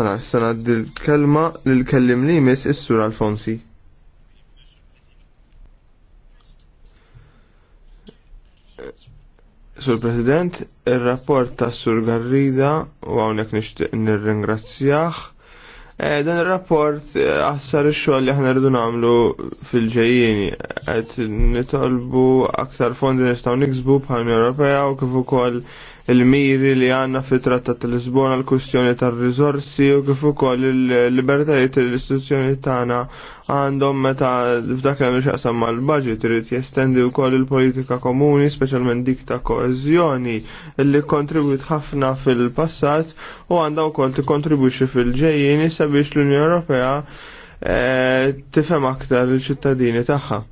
Mela, s-sena dil-kelma l-kellim li jmiss is-sur Alfonsi. Sur President, il-rapport ta' Sur Garrida u għawnek nishtiq nir-ringrazzjaħ. Eh, dan il-rapport għassar eh, il-xogħol li aħna rridu nagħmlu fil ġejjini qed nitolbu aktar fondi nistgħu niksbu bħal Ewropea u kif ukoll il-miri li għanna fit trattat tal-Lisbona l-kwistjoni tal-rizorsi u kif ukoll il-libertajiet l-istituzzjoni tagħna għandhom meta f'dak li għandu xaqsam mal-budget irid jestendi wkoll il-politika komuni, speċjalment dik ta' koeżjoni li kontribwit ħafna fil-passat u għandha wkoll tikkontribwixxi fil-ġejjin sabiex l-Unjoni Ewropea eh, tifhem aktar il-ċittadini tagħha.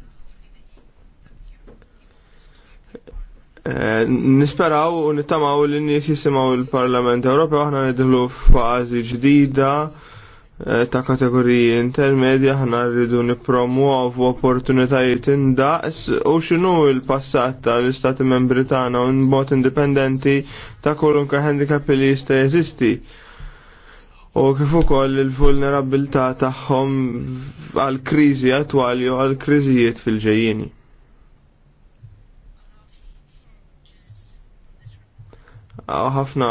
Eh, nisperaw u nittamaw li nies jisimaw il-Parlament Ewropew aħna nidħlu f'fażi ġdida eh, ta' kategoriji intermedja aħna rridu nipromuovu opportunitajiet indaqs u x'inhu l-passat tal-Istati Membri tagħna u mod indipendenti ta' kolunka handicap li jista' jeżisti. U kif ukoll il-vulnerabilità tagħhom għal kriżi attwali u għal kriżijiet fil-ġejjieni. ħafna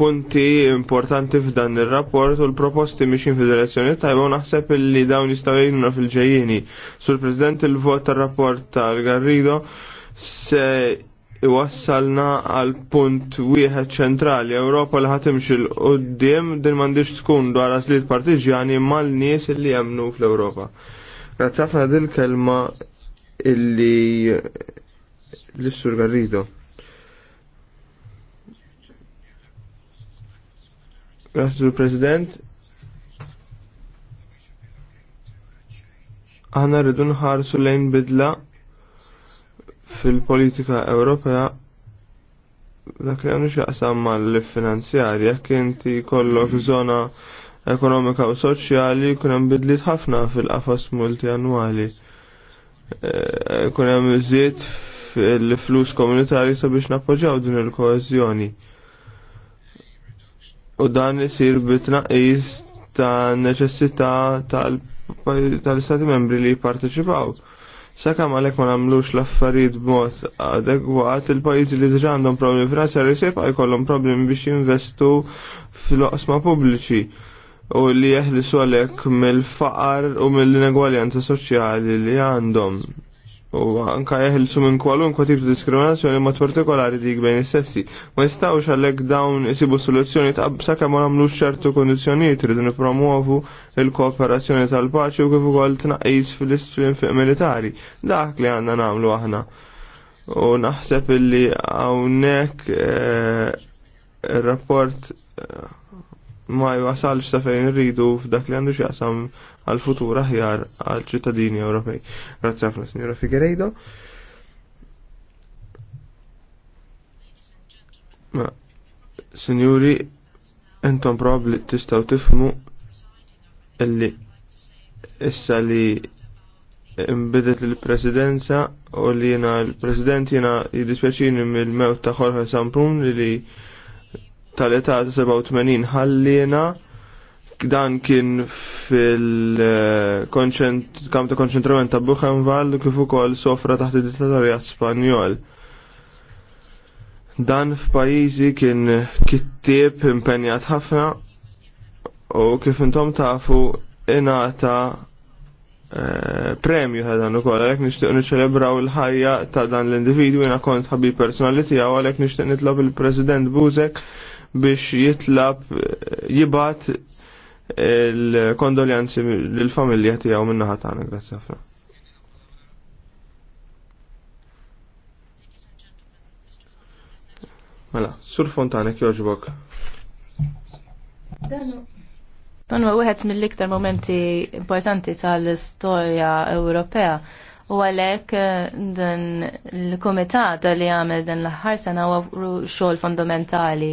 punti importanti f'dan ir-rapport u l-proposti miexin fil direzzjoni tajba u naħseb li dawn jistgħu fil ġejjini Sur President il-vot tar-rapport tal-Garrido se iwassalna għal punt wieħed ċentrali Ewropa li ħatimx il qudiem din m'għandix tkun dwar aslit partiġjani mal-nies li jemnu fl-Ewropa. Grazzi ħafna dil-kelma illi l-issur Garrido. Grazzi President. Aħna rridu nħarsu lejn bidla fil-politika Ewropea dak li għandu xaqsam mal-finanzjarja kien ti kollok zona ekonomika u soċjali jkun hemm bidliet ħafna fil-qafas multianwali. E, Kun hemm iżjed fil-flus komunitarji sabiex nappoġġjaw din il-koeżjoni u dan isir bitnaqis ta' neċessità tal-istati membri li jipparteċipaw. Sakemm għalhekk ma nagħmlux l-affarijiet b'mod adegwat, il-pajjiżi li diġà għandhom problemi finanzjarji sepa jkollhom problemi biex jinvestu fl-oqsma pubbliċi u li jeħlisu għalhekk mill-faqar u mill-inegwaljanza soċjali li għandhom u anka jeħilsu minn kwalunkwa tip ta' diskriminazzjoni mod partikolari dik bejn is-sessi. Ma jistgħux għalhekk dawn isibu soluzzjoni tqabsa kemm ma nagħmlux ċertu kondizzjonijiet ridu nippromuovu l kooperazzjoni tal-paċi u kif ukoll tnaqqis fl fiq militari. Dak li għandna nagħmlu aħna. U naħseb illi hawnhekk eh, ir-rapport eh, ma jwasalx sa fejn irridu f'dak li għandu x'jaqsam għal futur aħjar għal ċittadini Ewropej. Grazzi ħafna, Signora Figueiredo. Ma, Signori, entom probabli tistaw tifmu illi issa li imbidet l-presidenza u li jena l-president jena jidispeċini mill-mewt ta' Jorge Samprun li tal-età 87 jena dan kien fil-kamp ta' konċentrament ta' Buchenwald kif ukoll sofra taħt id-dittatorjat Spanjol. Dan f'pajjiżi kien kittieb impenjat ħafna u kif intom tafu ingħata eh, premju ta' dan ukoll għalhekk nixtieq niċċelebraw il-ħajja ta' dan l-individwu jiena kont ħabib personali tiegħu għalhekk nixtieq nitlob il-President Buzek biex jitlab jibat il-kondoljanzi lill-familja tiegħu minn naħa tagħna, grazzi ħafna. Mela, sur fontanek joġbok. Dan huwa wieħed mill-iktar momenti importanti tal-istorja Ewropea u għalek eh, dan il-kumitat li għamel dan l-aħħar sena huwa xogħol fondamentali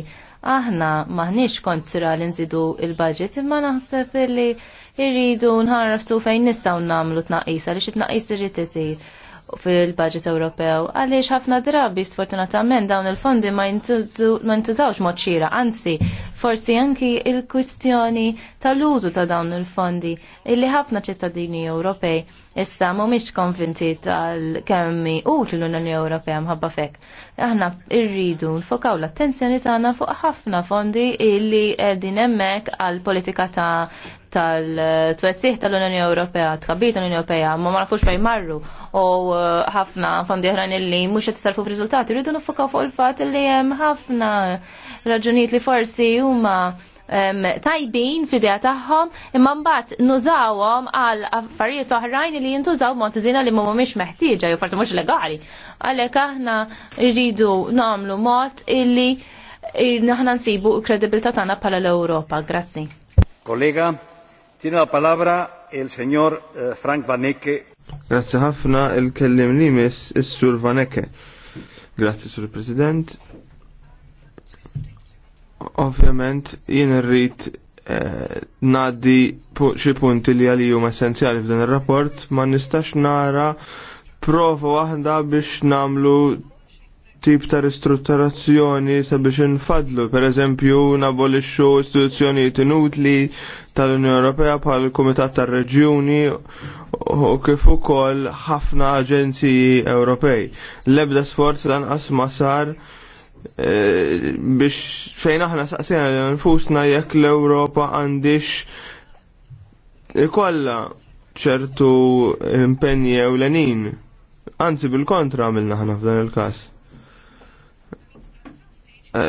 Aħna maħniex kontra li inżidu il-budget imma naħseb li irridu nħarrastu fejn nistgħu nagħmlu t-naqisa li tnaqqis irrid isir fil-budget Ewropew għaliex ħafna drabi sfortunatament dawn il-fondi ma jintużawx mod xira, anzi forsi anki il-kwistjoni tal-użu ta' dawn il-fondi illi ħafna ċittadini Ewropej Issa mhumiex konvinti tal-kemmi utli l-Unjoni Ewropea mħabba fek. Aħna rridu nfokaw l-attenzjoni tagħna fuq ħafna fondi illi qegħdin hemmhekk għall politika ta' tal twessiħ tal-Unjoni Ewropea, tkabbit tal-Unjoni Ewropea, ma marfux fej marru u uh, ħafna fondi oħrajn illi mhux qed isarfu f'riżultati, rridu nfokaw fuq il-fatt li hemm ħafna raġunijiet li forsi huma tajbin fidea tagħhom imma mbagħad nużawhom għal affarijiet oħrajn li jintużaw mod iżina li mhumiex meħtieġa jew forsi mhux legali. Għalhekk aħna rridu nagħmlu mod illi naħna nsibu l-kredibilta' tagħna bħala l-Ewropa. Grazzi. Kollega, tina la palabra il signor eh, Frank Vanecke. Grazzi ħafna il-kellim li miss is-Sur Vanecke. Grazzi Sur President. Ovvjament, jien irrid eh, naddi xi punti li għalli huma essenzjali f'dan ir-rapport ma nistax nara prova waħda biex namlu tip ta' ristrutturazzjoni sabiex infadlu, per eżempju nabolixxu istituzzjonijiet inutli tal-Unjoni Ewropea bħal Kumitat tar-Reġjuni u kif ukoll ħafna aġenziji Ewropej. L-ebda sforz lanqas ma sar biex fejn aħna saqsina nfusna jekk l-Ewropa għandix ikolla ċertu impenji ewlenin. Anzi bil-kontra għamilna ħna f'dan il-każ. E,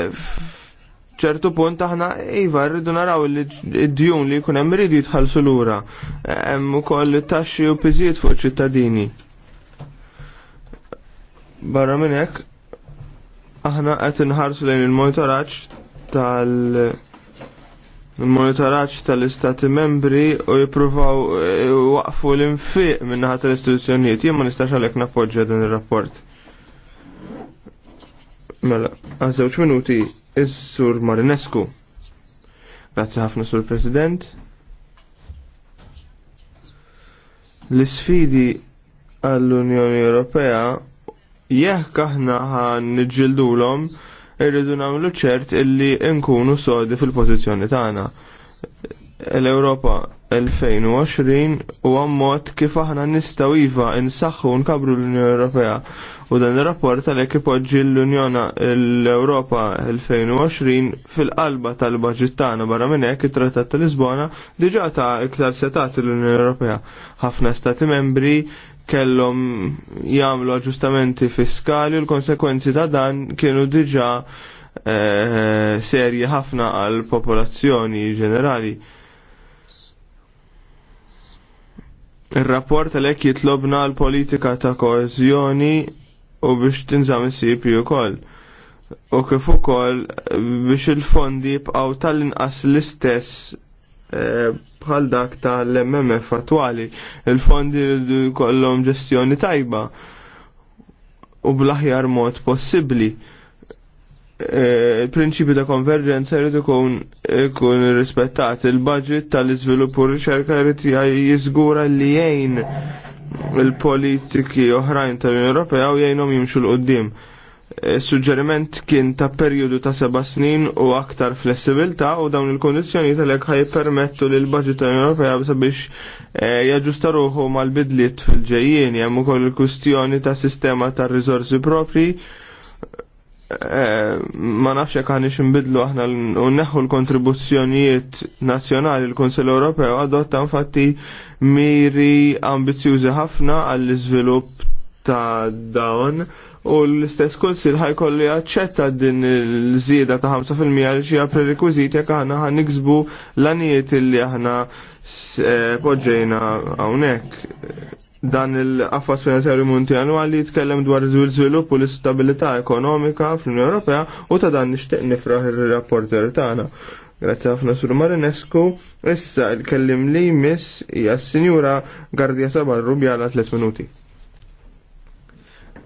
ċertu punt aħna iva rridu naraw li d-djun li jkun hemm iridu jitħallsu lura. E, hemm ukoll taxxi u pizziet fuq ċittadini. Barra minn hekk, aħna qed inħarsu lejn il-monitoraġġ tal- il-monitoraġġ tal-istati membri u jippruvaw eh, waqfu l-infiq minn naħa tal-istituzzjonijiet. Jien ma nistax għalhekk nappoġġja din ir-rapport. Mela, għal żewġ minuti is-Sur Marinescu. Grazzi ħafna Sur President. L-isfidi għall-Unjoni Ewropea jekk aħna ħan niġġildulhom irridu nagħmlu ċert illi nkunu sodi fil-pożizzjoni tagħna. L-Ewropa 2020 u mod kif aħna nistgħu iva nsaħħu nkabru l-Unjoni Ewropea u dan ir-rapport għalhekk ipoġġi l-Unjona l-Ewropa 2020 fil-qalba tal-baġit tagħna barra minn hekk it-Trattat ta' Lisbona diġà ta' iktar setat l-Unjoni Ewropea. Ħafna stati membri kellhom jagħmlu aġġustamenti fiskali u l-konsekwenzi ta' dan kienu diġà eh, serji ħafna għal popolazzjoni ġenerali. Ir-rapport għalhekk jitlobna l-politika ta' koezjoni u biex tinżam is-CP ukoll. U kif ukoll biex il-fondi jibqgħu tal-inqas l-istess Eh, bħal dak tal-MMF attwali. Il-fondi kollom ġestjoni tajba u bl-aħjar mod possibbli. Eh, il-prinċipju ta' konverġenza jrid ikun ikun rispettat il-budget tal-iżvilupp u riċerka jrid jiżgura li jgħin il-politiki oħrajn tal-Unjoni Ewropea u jgħinhom jimxu l-qudiem. Eh, suġġeriment kien ta' perjodu ta' seba' snin u aktar flessibilta u dawn il-kondizjoni tal-ek ħaj permettu li l-budget Ewropea sabiex eh, jaġusta ruħu mal-bidliet fil-ġejjien hemm ukoll il-kustjoni ta' sistema ta' riżorsi propri eh, ma nafx jekk ħanix inbidlu aħna u neħħu l-kontribuzzjonijiet nazzjonali l konsell Ewropew adotta infatti miri ambizjużi ħafna għall-iżvilupp ta' dawn u l-istess konsil ħajkolli jaċċetta din l-żieda ta' 5% li xija prerekwizit jekk aħna ħan niksbu l-anijiet li aħna eh, poġġejna hawnhekk. Dan il affas finanzjarju munti annwali jitkellem dwar iż-żvilupp u l-istabilità ekonomika fl-Unjoni Ewropea u ta' dan nixtieq nifraħ ir-rapporter tagħna. Grazie ħafna sur Marinescu. Issa il-kellim li miss hija s-Sinjura Gardia Sabar Rubjala 3 minuti.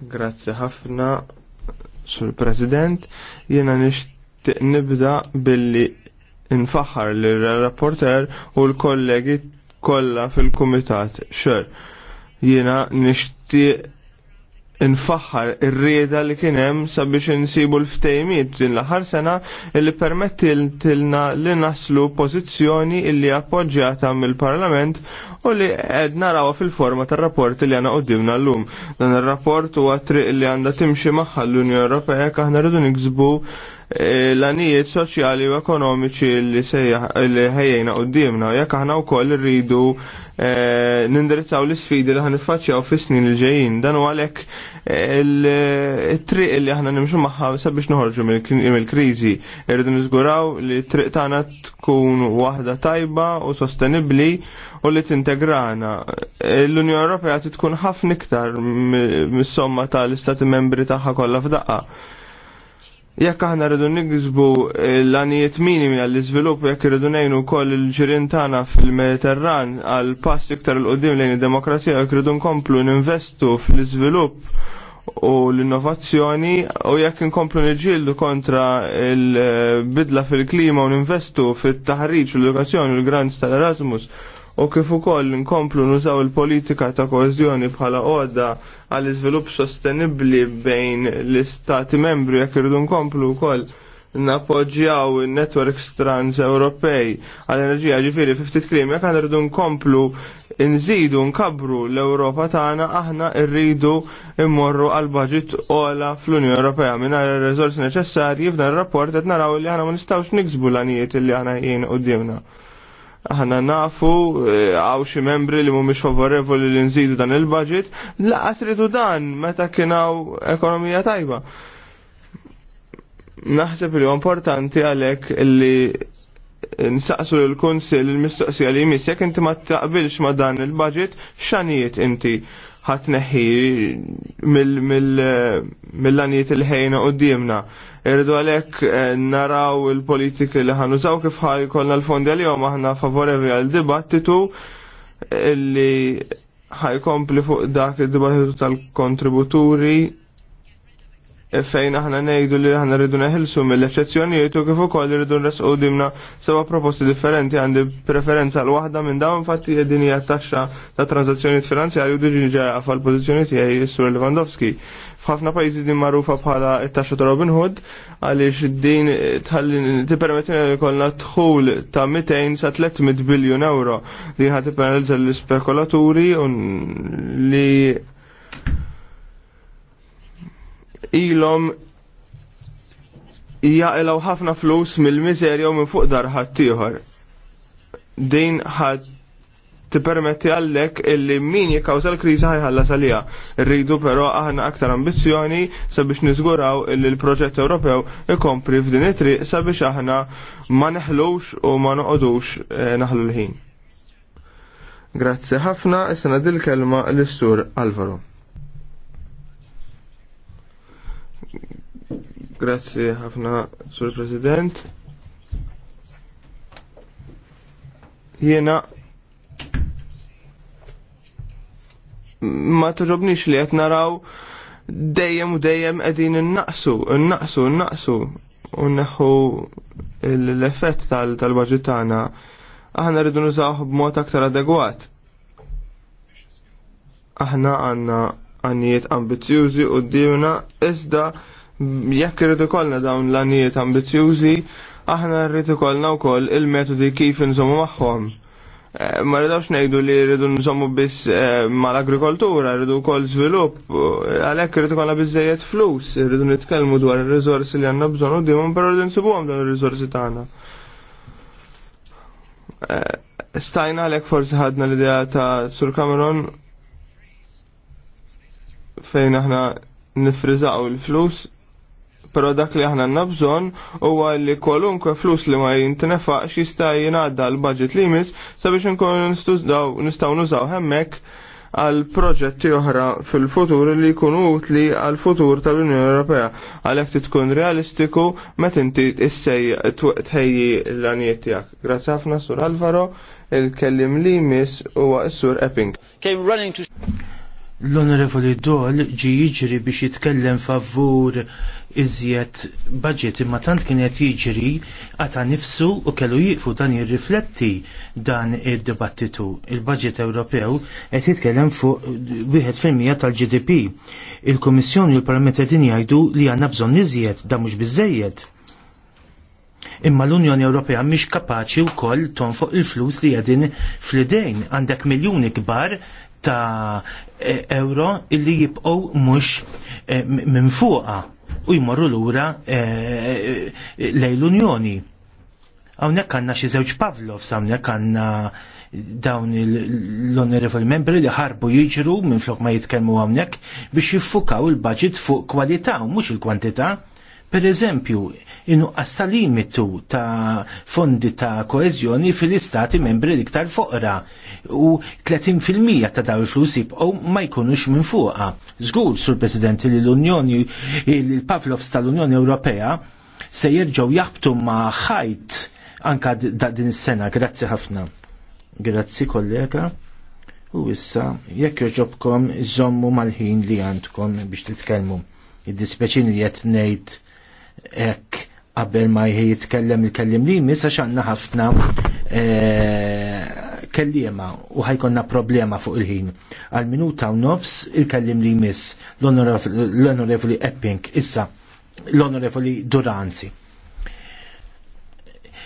Grazzi ħafna, Sur President. Jena nishtiq nibda billi nfaħħar l-rapporter u l-kollegi kollha fil-Kumitat. Xer, jena nishtiq nfaħħar ir-rieda li kien hemm sabiex insibu l-ftejmiet din l-aħħar sena li permettilna li naslu pożizzjoni illi appoġġjata mill-Parlament u li qed naraw fil-forma tar-rapport li għana qudiemna llum. Dan ir-rapport huwa triq li għandha timxi magħha l-Unjoni Ewropea kaħna rridu niksbu l-anijiet soċjali u ekonomiċi li ħejjejna qoddimna jekk aħna wkoll rridu eh, nindirizzaw l-isfidi li ħanifaċċjaw fis-snin li ġejjin. Dan u għalhekk il-triq eh, li aħna nimxu magħha sabiex noħorġu mill-kriżi. Irridu niżguraw li triq tagħna tkun waħda tajba u sostenibbli u li tintegrana. L-Unjoni Ewropea tkun ħafna iktar mis-somma tal-Istati membri tagħha kollha f'daqqa jekk aħna rridu nigżbu l-għanijiet minimi għall-iżvilupp jekk rridu ngħinu wkoll il-ġirien tagħna fil-Mediterran għal pass iktar il qudiem lejn id-demokrazija jekk rridu nkomplu ninvestu fl-iżvilupp u l-innovazzjoni u jekk inkomplu niġġieldu kontra il-bidla fil-klima u ninvestu fit-taħriġ u l-edukazzjoni u l-grants tal-Erasmus u kif ukoll nkomplu nużaw il-politika ta' koeżjoni bħala għodda għal iżvilupp sostenibbli bejn l-istati membri jekk irridu nkomplu wkoll nappoġġjaw in-networks trans Ewropej għall enerġija ġifieri fi ftit kliem jekk irridu nkomplu nżidu nkabru l-Ewropa tagħna aħna rridu immorru għal budget ola fl-Unjoni Ewropea mingħajr ir-riżorsi neċessarji f'dan ir-rapport qed naraw li aħna ma nistgħux niksbu l-għanijiet li aħna jien qudiemna ħana nafu e, għaw xi membri li mhumiex favorevoli li nżidu dan il-budget, laqas ridu dan meta kien hawn ekonomija tajba. Naħseb li importanti għalhekk li nsaqsu l kunsill il-mistoqsija li jmiss jekk inti ma taqbilx ma dan il-budget x'anijiet inti ħatneħi mill-lanijiet il-ħejna u d-diemna. Irridu għalek eh, naraw il-politika li ħanużaw kif ħaj kolna l-fondi għal-jom aħna favorevi għal-dibattitu li ħajkompli fuq dak id-dibattitu tal-kontributuri E fejn aħna ngħidu li aħna rridu neħilsu mill-eċċezzjonijiet u kif ukoll irridu nresqu dimna sewa proposti differenti għandi preferenza l waħda minn dawn fatti din hija taxxa ta' transazzjonijiet finanzjarji u diġi ġeqa għafal pożizzjoni tiegħi sur Lewandowski. F'ħafna pajjiżi din magħrufa bħala t-taxxa ta' Robin Hood għaliex din tippermettina li kollna tħul ta' 200 sa 300 biljun euro. Din ħad tippenalizza l-spekulaturi li ilhom jaqilgħu ħafna flus mill-miżerja u minn fuq darħat ieħor. Din ħadd permetti għallek illi min jikkawza l-kriżi ħajħalla salija. Rridu però aħna aktar ambizzjoni sabiex niżguraw illi l-proġett Ewropew ikompri f'din it-triq sabiex aħna ma neħlux u ma noqodux eh, naħlu l-ħin. Grazzi ħafna, issa dil kelma l-Sur Alvaro. Grazzi ħafna, Sur President. Jena ma toġobnix li qed naraw dejjem u dejjem qegħdin innaqsu, innaqsu, innaqsu u neħu l-effett tal-baġit tagħna. Aħna rridu nużawh b'mod aktar adegwat. Aħna għandna għannijiet ambizjużi u d iżda jekk irridu kollna dawn l għanijiet ambizjużi, aħna rridu kollna wkoll il-metodi kif nżommu magħhom. Eh, ma rridawx ngħidu li rridu nżommu biss eh, mal-agrikoltura, rridu wkoll żvilupp, għalhekk rridu kollha bizzejiet flus, rridu nitkellmu dwar ir rizorsi li għandna bżonu u dimhom però rridu nsibuhom dawn ir rizorsi tagħna. Eh, stajna għalhekk forsi ħadna l-idea ta' Sur Cameron fejn aħna nifriżaw il-flus pero dak li aħna nabżon huwa li kwalunkwe flus li ma jintinefaqx jista' jinaħda l-budget li jmiss sabiex nkun nistgħu nużaw hemmhekk għal proġetti oħra fil-futur li jkunu utli għal futur tal-Unjoni Ewropea għalhekk tkun realistiku meta inti issej tħejji l-għanijiet tiegħek. Grazzi ħafna Sur Alvaro, il-kellim li miss huwa s-Sur Epping l-Onorevoli Dol ġi jiġri biex jitkellem favur iżjed budget imma tant kien qed jiġri għata nifsu u kellu jieqfu dan jirrifletti dan id-dibattitu. Il-budget Ewropew qed jitkellem fuq wieħed fil-mija tal-GDP. Il-Kummissjoni u l-Parlament qegħdin jgħidu li għandna bżonn iżjed da mhux biżejjed. Imma l-Unjoni Ewropea mhix kapaċi wkoll tonfoq il-flus li qegħdin fl-idejn għandek miljuni kbar ta' e, euro illi jibqgħu mhux e, minn fuqa u jmorru lura e, lejn l-Unjoni. Hawnhekk għandna xi żewġ Pavlov għawnek għandna dawn l onorevoli membri li ħarbu jiġru minn flok ma jitkellmu hawnhekk biex jiffukaw il-budget fuq kwalità u mhux il-kwantità. il il kwantità Per eżempju, inuqqas ta' limitu ta' fondi ta' koezjoni fil-istati membri liktar foqra u 30% ta' daw il-flus u ma jkunux minn fuqha. Żgur, sur President, li l-Unjoni, il-Pavlovs tal-Unjoni Ewropea se jerġgħu jaħbtu ma' ħajt anka da' din is-sena. Grazzi ħafna. Grazzi kollega. U issa, jekk joġobkom, zommu mal-ħin li għandkom biex titkellmu. Id-dispeċin li jett ngħid ek qabel ma jitkellem il-kellim li jmiss għax għanna ħafna eh, kellima u ħajkonna problema fuq il-ħin. Għal minuta u nofs il-kellim li jmiss l-onorevoli Epping, issa l-onorevoli Duranzi.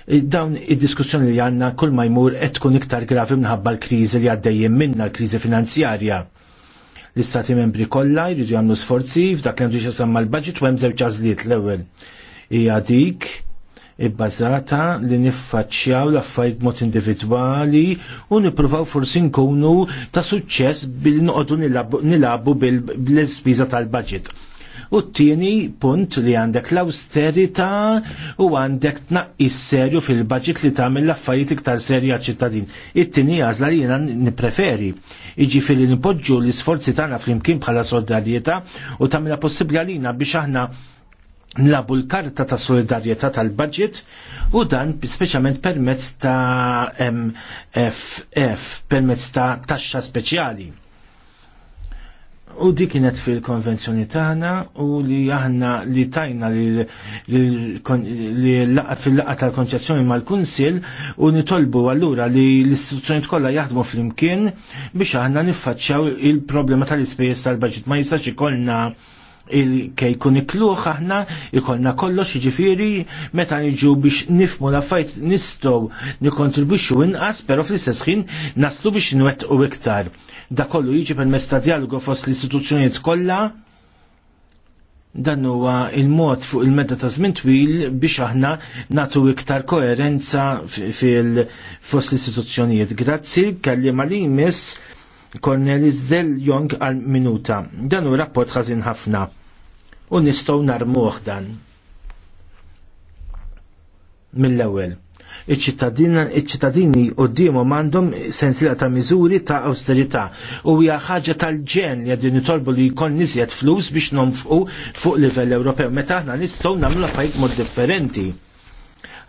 Dawn id-diskussjoni li għanna kull ma jmur qed tkun iktar gravi minħabba l-kriżi li għaddejjem minna l-kriżi finanzjarja L-istati membri kollha jridu jagħmlu sforzi f'dak li għandu semma l-budget u hemm żewġ għażliet l-ewwel. Hija dik ibbażata li niffaċċjaw l-affarijiet mod individwali u nippruvaw forsi nkunu ta' suċċess bil-noqogħdu nilabu bil-ispiża tal-budget. U t-tieni punt li għandek l-austerita u għandek tnaqqis serju fil-budget li tagħmel l-affarijiet iktar serju għal ċittadin It-tieni għażla li jiena nippreferi. Jiġifieri nipoġġu l-isforzi tagħna flimkien bħala solidarjetà u tagħmilha possibbli għalina biex aħna nlabu l-karta ta' solidarjetà tal-budget u dan speċjalment permezz ta' MFF, permezz ta' taxxa speċjali U di kienet fil-konvenzjoni tagħna u li aħna li tajna li fil-laqa tal-konċezzjoni mal-Kunsil u nitolbu allura li l-istituzzjoni kollha jaħdmu flimkien biex aħna niffaċċjaw il-problema tal-ispejjeż tal-baġit. Ma jistax ikollna il-kej kun ikluħ aħna ikolna kollox xieġifiri, meta niġu biex nifmu la fajt nistow nikontribwixxu inqas pero fl-istess ħin naslu biex nwet u iktar. Da kollu jiġi permezz ta' dialogu fost l-istituzzjonijiet kollha dan huwa il-mod fuq il-medda ta' żmien twil biex aħna natu iktar koerenza fil-fost l-istituzzjonijiet. Grazzi, kelli ma li Cornelis Del Jong għal minuta. Dan u rapport ħażin ħafna u nistgħu narmuh dan. Mill-ewwel, iċ-ċittadini quddiemu m'għandhom sensila ta' miżuri ta' awsterità u hija ħaġa tal-ġen li qegħdin jitolbu li jkun niżjed flus biex nonfqu fuq livell Ewropew meta aħna nistgħu nagħmlu affarijiet mod differenti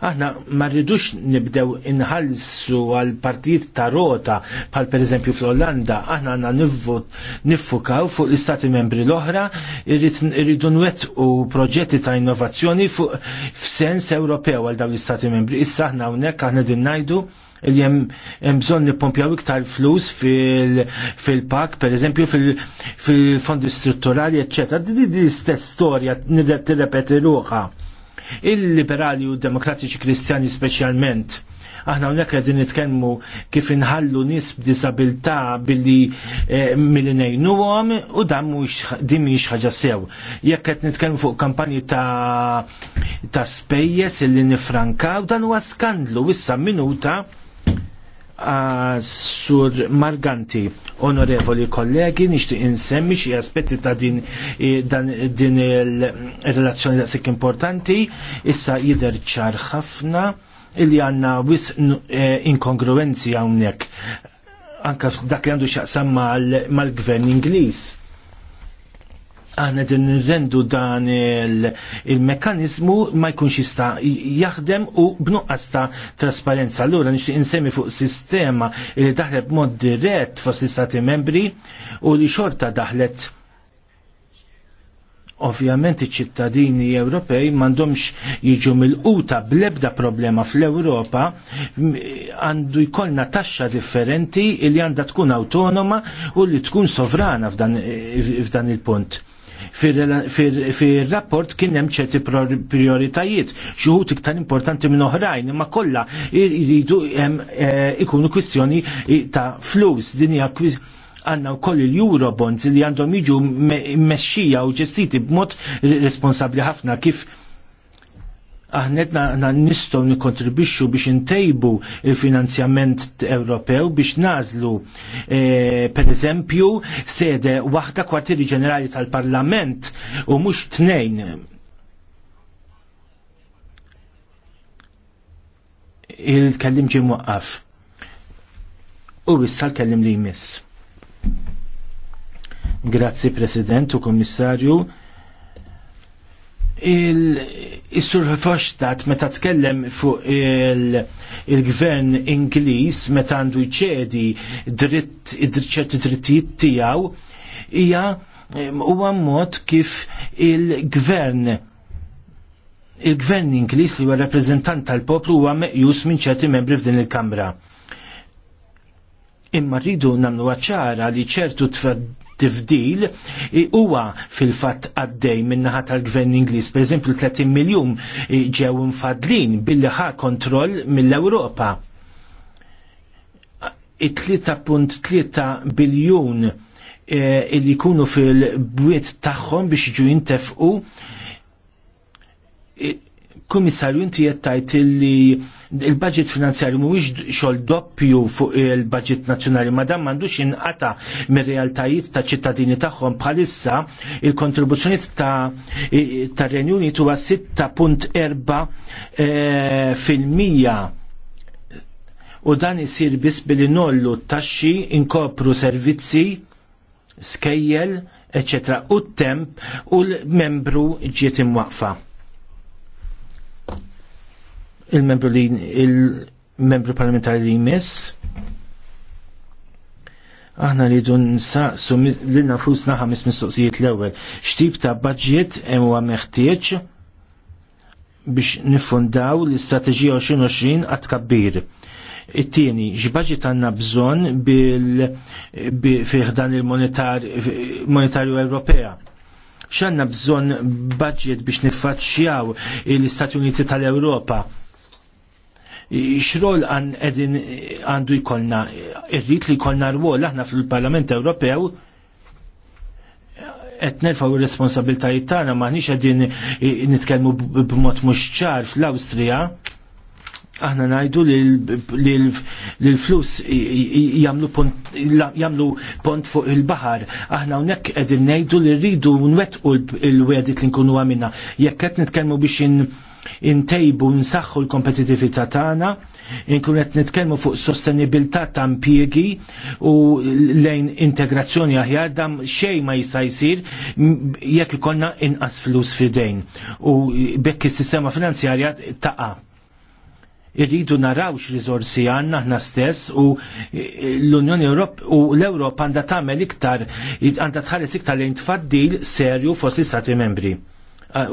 Aħna ma rridux nibdew inħallsu għal partijiet ta' rota bħal pereżempju fl-Olanda, aħna għanna niffukaw fuq l-istati membri l-oħra irridu nwettqu proġetti ta' innovazzjoni fuq f'sens Ewropew għal dawn l-istati membri. Issa aħna hawnhekk aħna din najdu li jem bżon nipompjaw iktar flus fil-pak, per eżempju fil-fondi strutturali, eccetera. Di di stess storja nirret tirrepeti ruħa. Il-liberali u demokratiċi kristjani speċjalment aħna unnek għedin nitkenmu kif inħallu nisb disabilta billi e, eh, mill għom u dammu dimmi ħaġa sew. Jekk qed nitkellmu fuq kampanji ta' ta' spejjes illi nifranka u dan huwa skandlu issa minuta Sur Marganti, onorevoli kollegi, nixtieq insemmi xi aspetti ta' din, e, din il-relazzjoni da' sekk importanti, issa jidher ċar ħafna li għanna wis e, inkongruenzi hawnhekk anka dak li għandu xaqsam mal-gvern Ingliż għana din rendu dan il-mekanizmu ma jkunx jista jaħdem u b'nuqqas ta' trasparenza. Allura nixtieq insemmi fuq sistema li daħlet b'mod dirett fost istati membri u li xorta daħlet ovvjament iċ-ċittadini Ewropej m'għandhomx jiġu mill-quta bl-ebda problema fl-Ewropa għandu jkollna taxxa differenti li għandha tkun awtonoma u li tkun sovrana f'dan il-punt. Fir-rapport kien hemm ċerti prioritajiet, xuħut iktar importanti minn oħrajn, imma kollha jridu hemm eh, ikunu kwistjoni ta' flus, din hija għanna wkoll il-Eurobonds li għandhom jiġu mmexxija u ġestiti b'mod responsabbli ħafna kif aħna nistgħu nikontribixxu biex intejbu il-finanzjament Ewropew biex nażlu e, pereżempju sede waħda kwartieri ġenerali tal-Parlament u mhux tnejn. Il-kellim ġie muqqaf. U issa l-kellim li jmiss. Grazzi President u Kommissarju il-sur Fostat meta tkellem fuq il-gvern Ingliż meta għandu jċedi dritt ċerti drittijiet tiegħu hija huwa mod kif il-gvern il-gvern Ingliż li huwa rappreżentant tal-poplu huwa meqjus minn ċerti membri f'din il-Kamra. Imma rridu nagħmlu ċara li ċertu tfad tifdil e, huwa fil-fatt għaddej min-naħa tal-gvern Ingliż. eżempju 30 miljun e, ġew infadlin billi ħa kontroll mill-Ewropa. 3.3 e, biljun illi jkunu fil-bwiet tagħhom biex jiġu jintefqu Kummissarju inti qed tgħid il-budget finanzjarju mhuwiex xogħol doppju fuq il-budget nazzjonali ma dan m'għandux inqata mir-realtajiet ta' ċittadini tagħhom bħalissa il-kontribuzzjoni ta' tar renjuni Unit huwa 6.4 eh, fil-mija u dan isir biss billi nollu t-taxxi inkopru servizzi skejjel, eccetera, u temp u l-membru ġiet imwaqfa il-membru li il-membru parlamentari li jmiss aħna li dun saqsu li naħa mis mistoqsijiet l-ewwel. X'tip ta' budget hemm huwa meħtieġ biex nifundaw l-istrateġija 2020 għat kabbir. It-tieni, x'budget għandna bżonn bil fih dan il-monetarju Ewropea. X'għandna bżonn budget biex niffaċċjaw l-Istati Uniti tal-Ewropa xrol għandu jkollna, irrit li jkollna rwol aħna fil-Parlament Ewropew qed nerfgħu r-responsabiltajiet tagħna m'aħniex qegħdin nitkellmu b'mod mhux ċar fl-Awstrija aħna najdu li l-flus jamlu pont, pont fuq il-bahar. Aħna unnek edin najdu li rridu unwet u l-wedit li nkunu għamina. Jekk qed nitkellmu biex intejbu nsaħħu l-kompetitività tagħna, inkun qed nitkellmu fuq sostenibilità ta' impjiegi u lejn integrazzjoni aħjar dam xejn ma jista' jsir jekk ikollna inqas flus fidejn. U bekk is-sistema finanzjarja taqa' irridu narawx rizorsi għanna ħna stess u e, e, l-Unjoni Ewrop u l-Ewrop għandha tagħmel iktar għandha tħares iktar lejn tfaddil serju fost stati membri.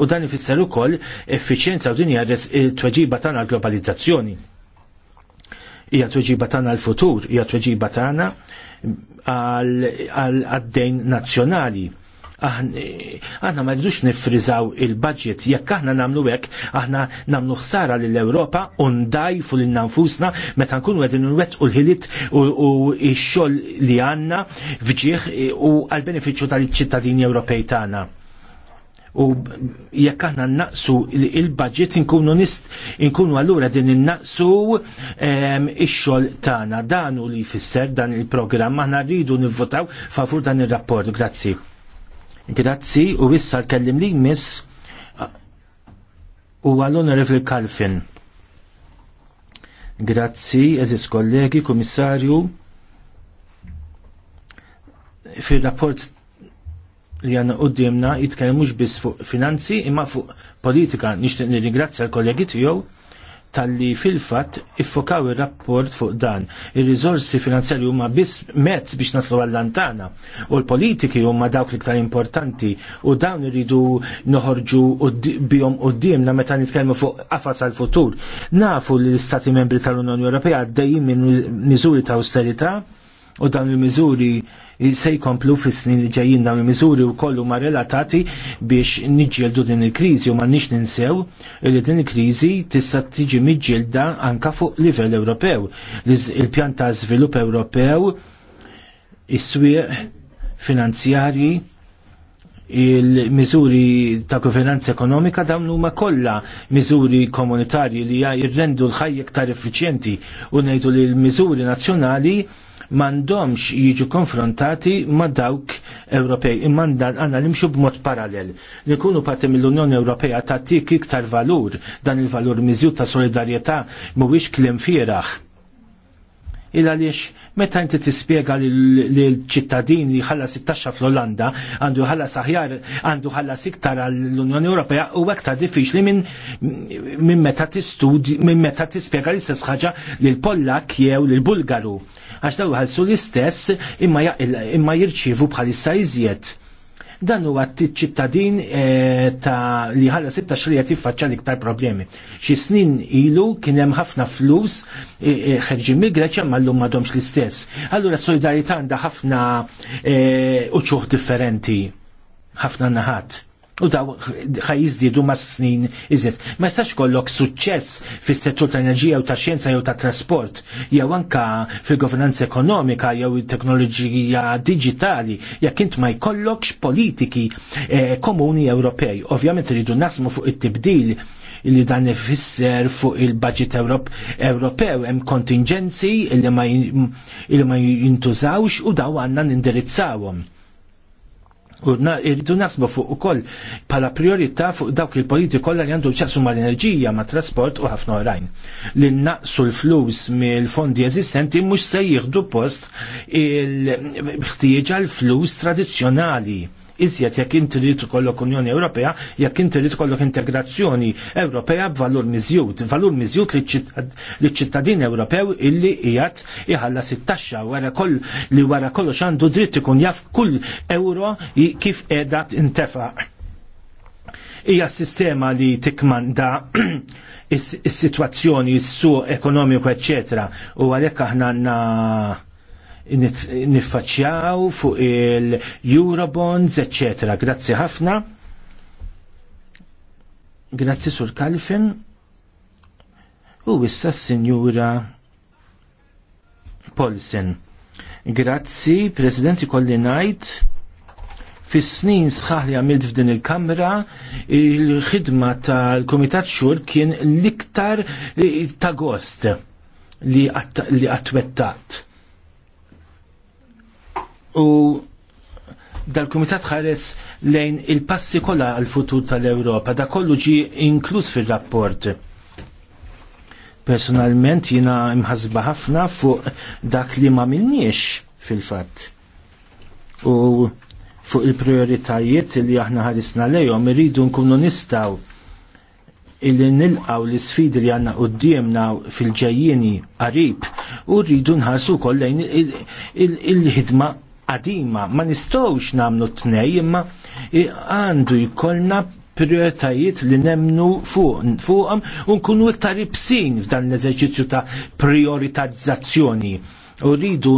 U dan ifisser ukoll effiċjenza u din hija e, tweġiba tagħna globalizzazzjoni. Hija tweġiba tagħna l-futur, hija tweġiba tagħna għal-għaddejn nazzjonali aħna ma rridux nifrizaw il-budget jekk aħna nagħmlu hekk aħna nagħmlu ħsara lill ewropa u ndajfu lil nafusna meta nkunu qegħdin nwettqu l-ħiliet u x-xogħol li għandna fġieħ u għall benefiċċju tal-ċittadini Ewropej tagħna u jekk aħna naqsu il-budget inkunu nist inkunu allura din innaqsu ehm, ix-xogħol tagħna dan u li jfisser dan il-programm aħna rridu nivvotaw favur dan ir-rapport. Grazzi. Grazzi u issa kellim li miss u għall-Onorevoli Kalfin. Grazzi, eżis kollegi, komissarju. Fil-rapport li għanna u d djemna jitkellmux bis fuq finanzi imma fuq politika. Nishtiq nir l-kollegi tijow tal-li fil-fat iffokaw il-rapport fuq dan. Il-rizorsi finanzjali huma biss mezz biex naslu għall-lantana u l-politiki huma dawk l-iktar importanti u dawn iridu noħorġu bihom qudiemna meta nitkellmu fuq qafas għal futur Nafu li l-Istati membri tal-Unjoni Ewropea għaddejjin minn miżuri ta' austerita' U dawn il-miżuri se jkomplu fis-snin li ġejjin dawn il-miżuri wkoll ma relatati biex niġġieldu din il-kriżi u m'għandniex ninsew li din il-kriżi tista' tiġi miġġielda anka fuq livell Ewropew. Il-pjan ta' żvilupp Ewropew is-swieq finanzjarji il-miżuri ta' governanza ekonomika dawn huma kollha miżuri komunitarji li jirrendu l-ħajja iktar effiċjenti u ngħidu li l-miżuri nazzjonali mandomx jiġu konfrontati ma dawk Ewropej. Imman dan għanna nimxu b'mod parallel. Li parti mill-Unjoni Ewropea ta' iktar valur dan il-valur miżjut ta' solidarieta mhuwiex kliem fieraħ il għaliex meta inti tispjega li l-ċittadin li ħallas it-taxxa fl-Olanda għandu ħallas aħjar għandu ħallas iktar għall-Unjoni Ewropea u aktar diffiċli minn meta tistudi minn meta tispjega l-istess ħaġa lil Pollak jew lil Bulgaru għax daw ħallsu l-istess imma jirċievu bħalissa iżjed dan huwa t-ċittadin eh, ta' li ħalla sitta xrija tiffaċċa l-iktar problemi. Xi snin ilu kien hemm ħafna flus eh, eh, ħerġin mill-Greċja ma llum m'għadhomx l-istess. Allura s-solidarità għandha ħafna uċuħ differenti ħafna naħat U daw ħajizdidu ma' snin iżet. Ma' jistax kollok suċċess fis settur ta' enerġija u ta' xjenza jew ta' trasport, jew anka fil-governanza ekonomika jew teknoloġija digitali, jekk int ma' jkollokx politiki eh, komuni Ewropej. Ovvjament rridu nasmu fuq it-tibdil li dan ifisser fuq il-budget Ewropew hemm kontingenzi li ma jintużawx u daw għandna nindirizzawhom U rridu naħsbu fuq ukoll bħala priorità fuq dawk il-politi kollha li għandu ċaqsu mal-enerġija, ma' trasport u ħafna oħrajn. Li naqsu l-flus mill-fondi eżistenti mhux se jieħdu post il-ħtieġa l-flus tradizzjonali iżjed jekk inti rid ikollok Unjoni Ewropea, jekk inti rid ikollok integrazzjoni Ewropea b'valur miżjud, valur miżjud li ċittadin Ewropew illi qiegħed iħallas it-taxxa wara koll li wara kollox għandu dritt ikun jaf kull euro kif qiegħda intefa'. hija sistema li tikmanda is-sitwazzjoni, is-suq ekonomiku, eccetera, U għalhekk aħna għandna niffaċċjaw fuq il-Eurobonds, etc. Grazzi ħafna. Grazzi sur Kalfin. U issa s-Sinjura Polsen. Grazzi, Presidenti kolli najt fis-snin sħaħ li għamilt f'din il-kamra, il-ħidma tal-Komitat Xur kien l-iktar ta' gost li għatwettat u dal-Kumitat ħares lejn il-passi kollha għal futur tal-Ewropa. Da kollu ġi inkluż fir-rapport. Personalment jina imħazba ħafna fuq dak li ma minniex fil-fatt. U fuq il-prioritajiet li aħna ħarisna lejhom irridu nkunu nistgħu illi nilqaw l sfidi li għanna qoddimna fil-ġajjini qarib u rridu nħarsu kollejn il-ħidma qadima ma nistgħux nagħmlu tnej imma għandu jkollna prioritajiet li nemnu fuqhom fu u nkunu iktar ibsin f'dan l-eżerċizzju ta' prioritizzazzjoni u rridu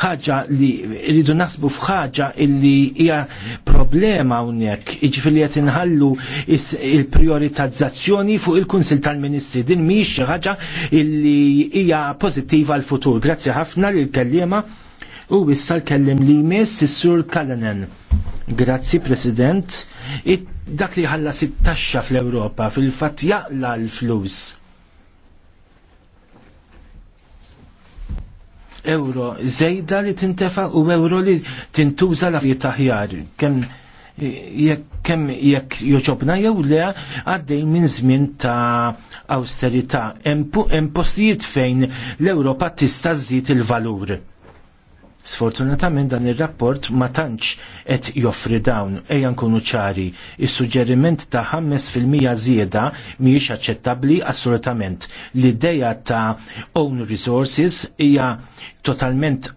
ħaġa li rridu naħsbu fħaġa illi hija problema hawnhekk, jiġifieri qed inħallu il-prioritizzazzjoni fuq il-Kunsil tal-Ministri din mhix xi ħaġa illi hija pożittiva għall futur Grazzi ħafna lil kelliema U issa kellim li jmiss sissur sur Kallanen. Grazzi, President. It dak li ħalla sit-taxxa fl-Ewropa fil-fatt jaqla l-flus. Euro zejda li tintefa u euro li tintuża la li taħjar. Kemm jekk kemm jekk joġobna jew le għaddej minn żmien ta' austerità. Hemm postijiet fejn l-Ewropa tista' żżid il-valur Sfortunatament dan ir-rapport ma tantx qed joffri dawn ejja nkunu ċari. Is-suġġeriment ta' 5% żieda mhijiex aċċettabbli assolutament. L-idea ta' own resources hija totalment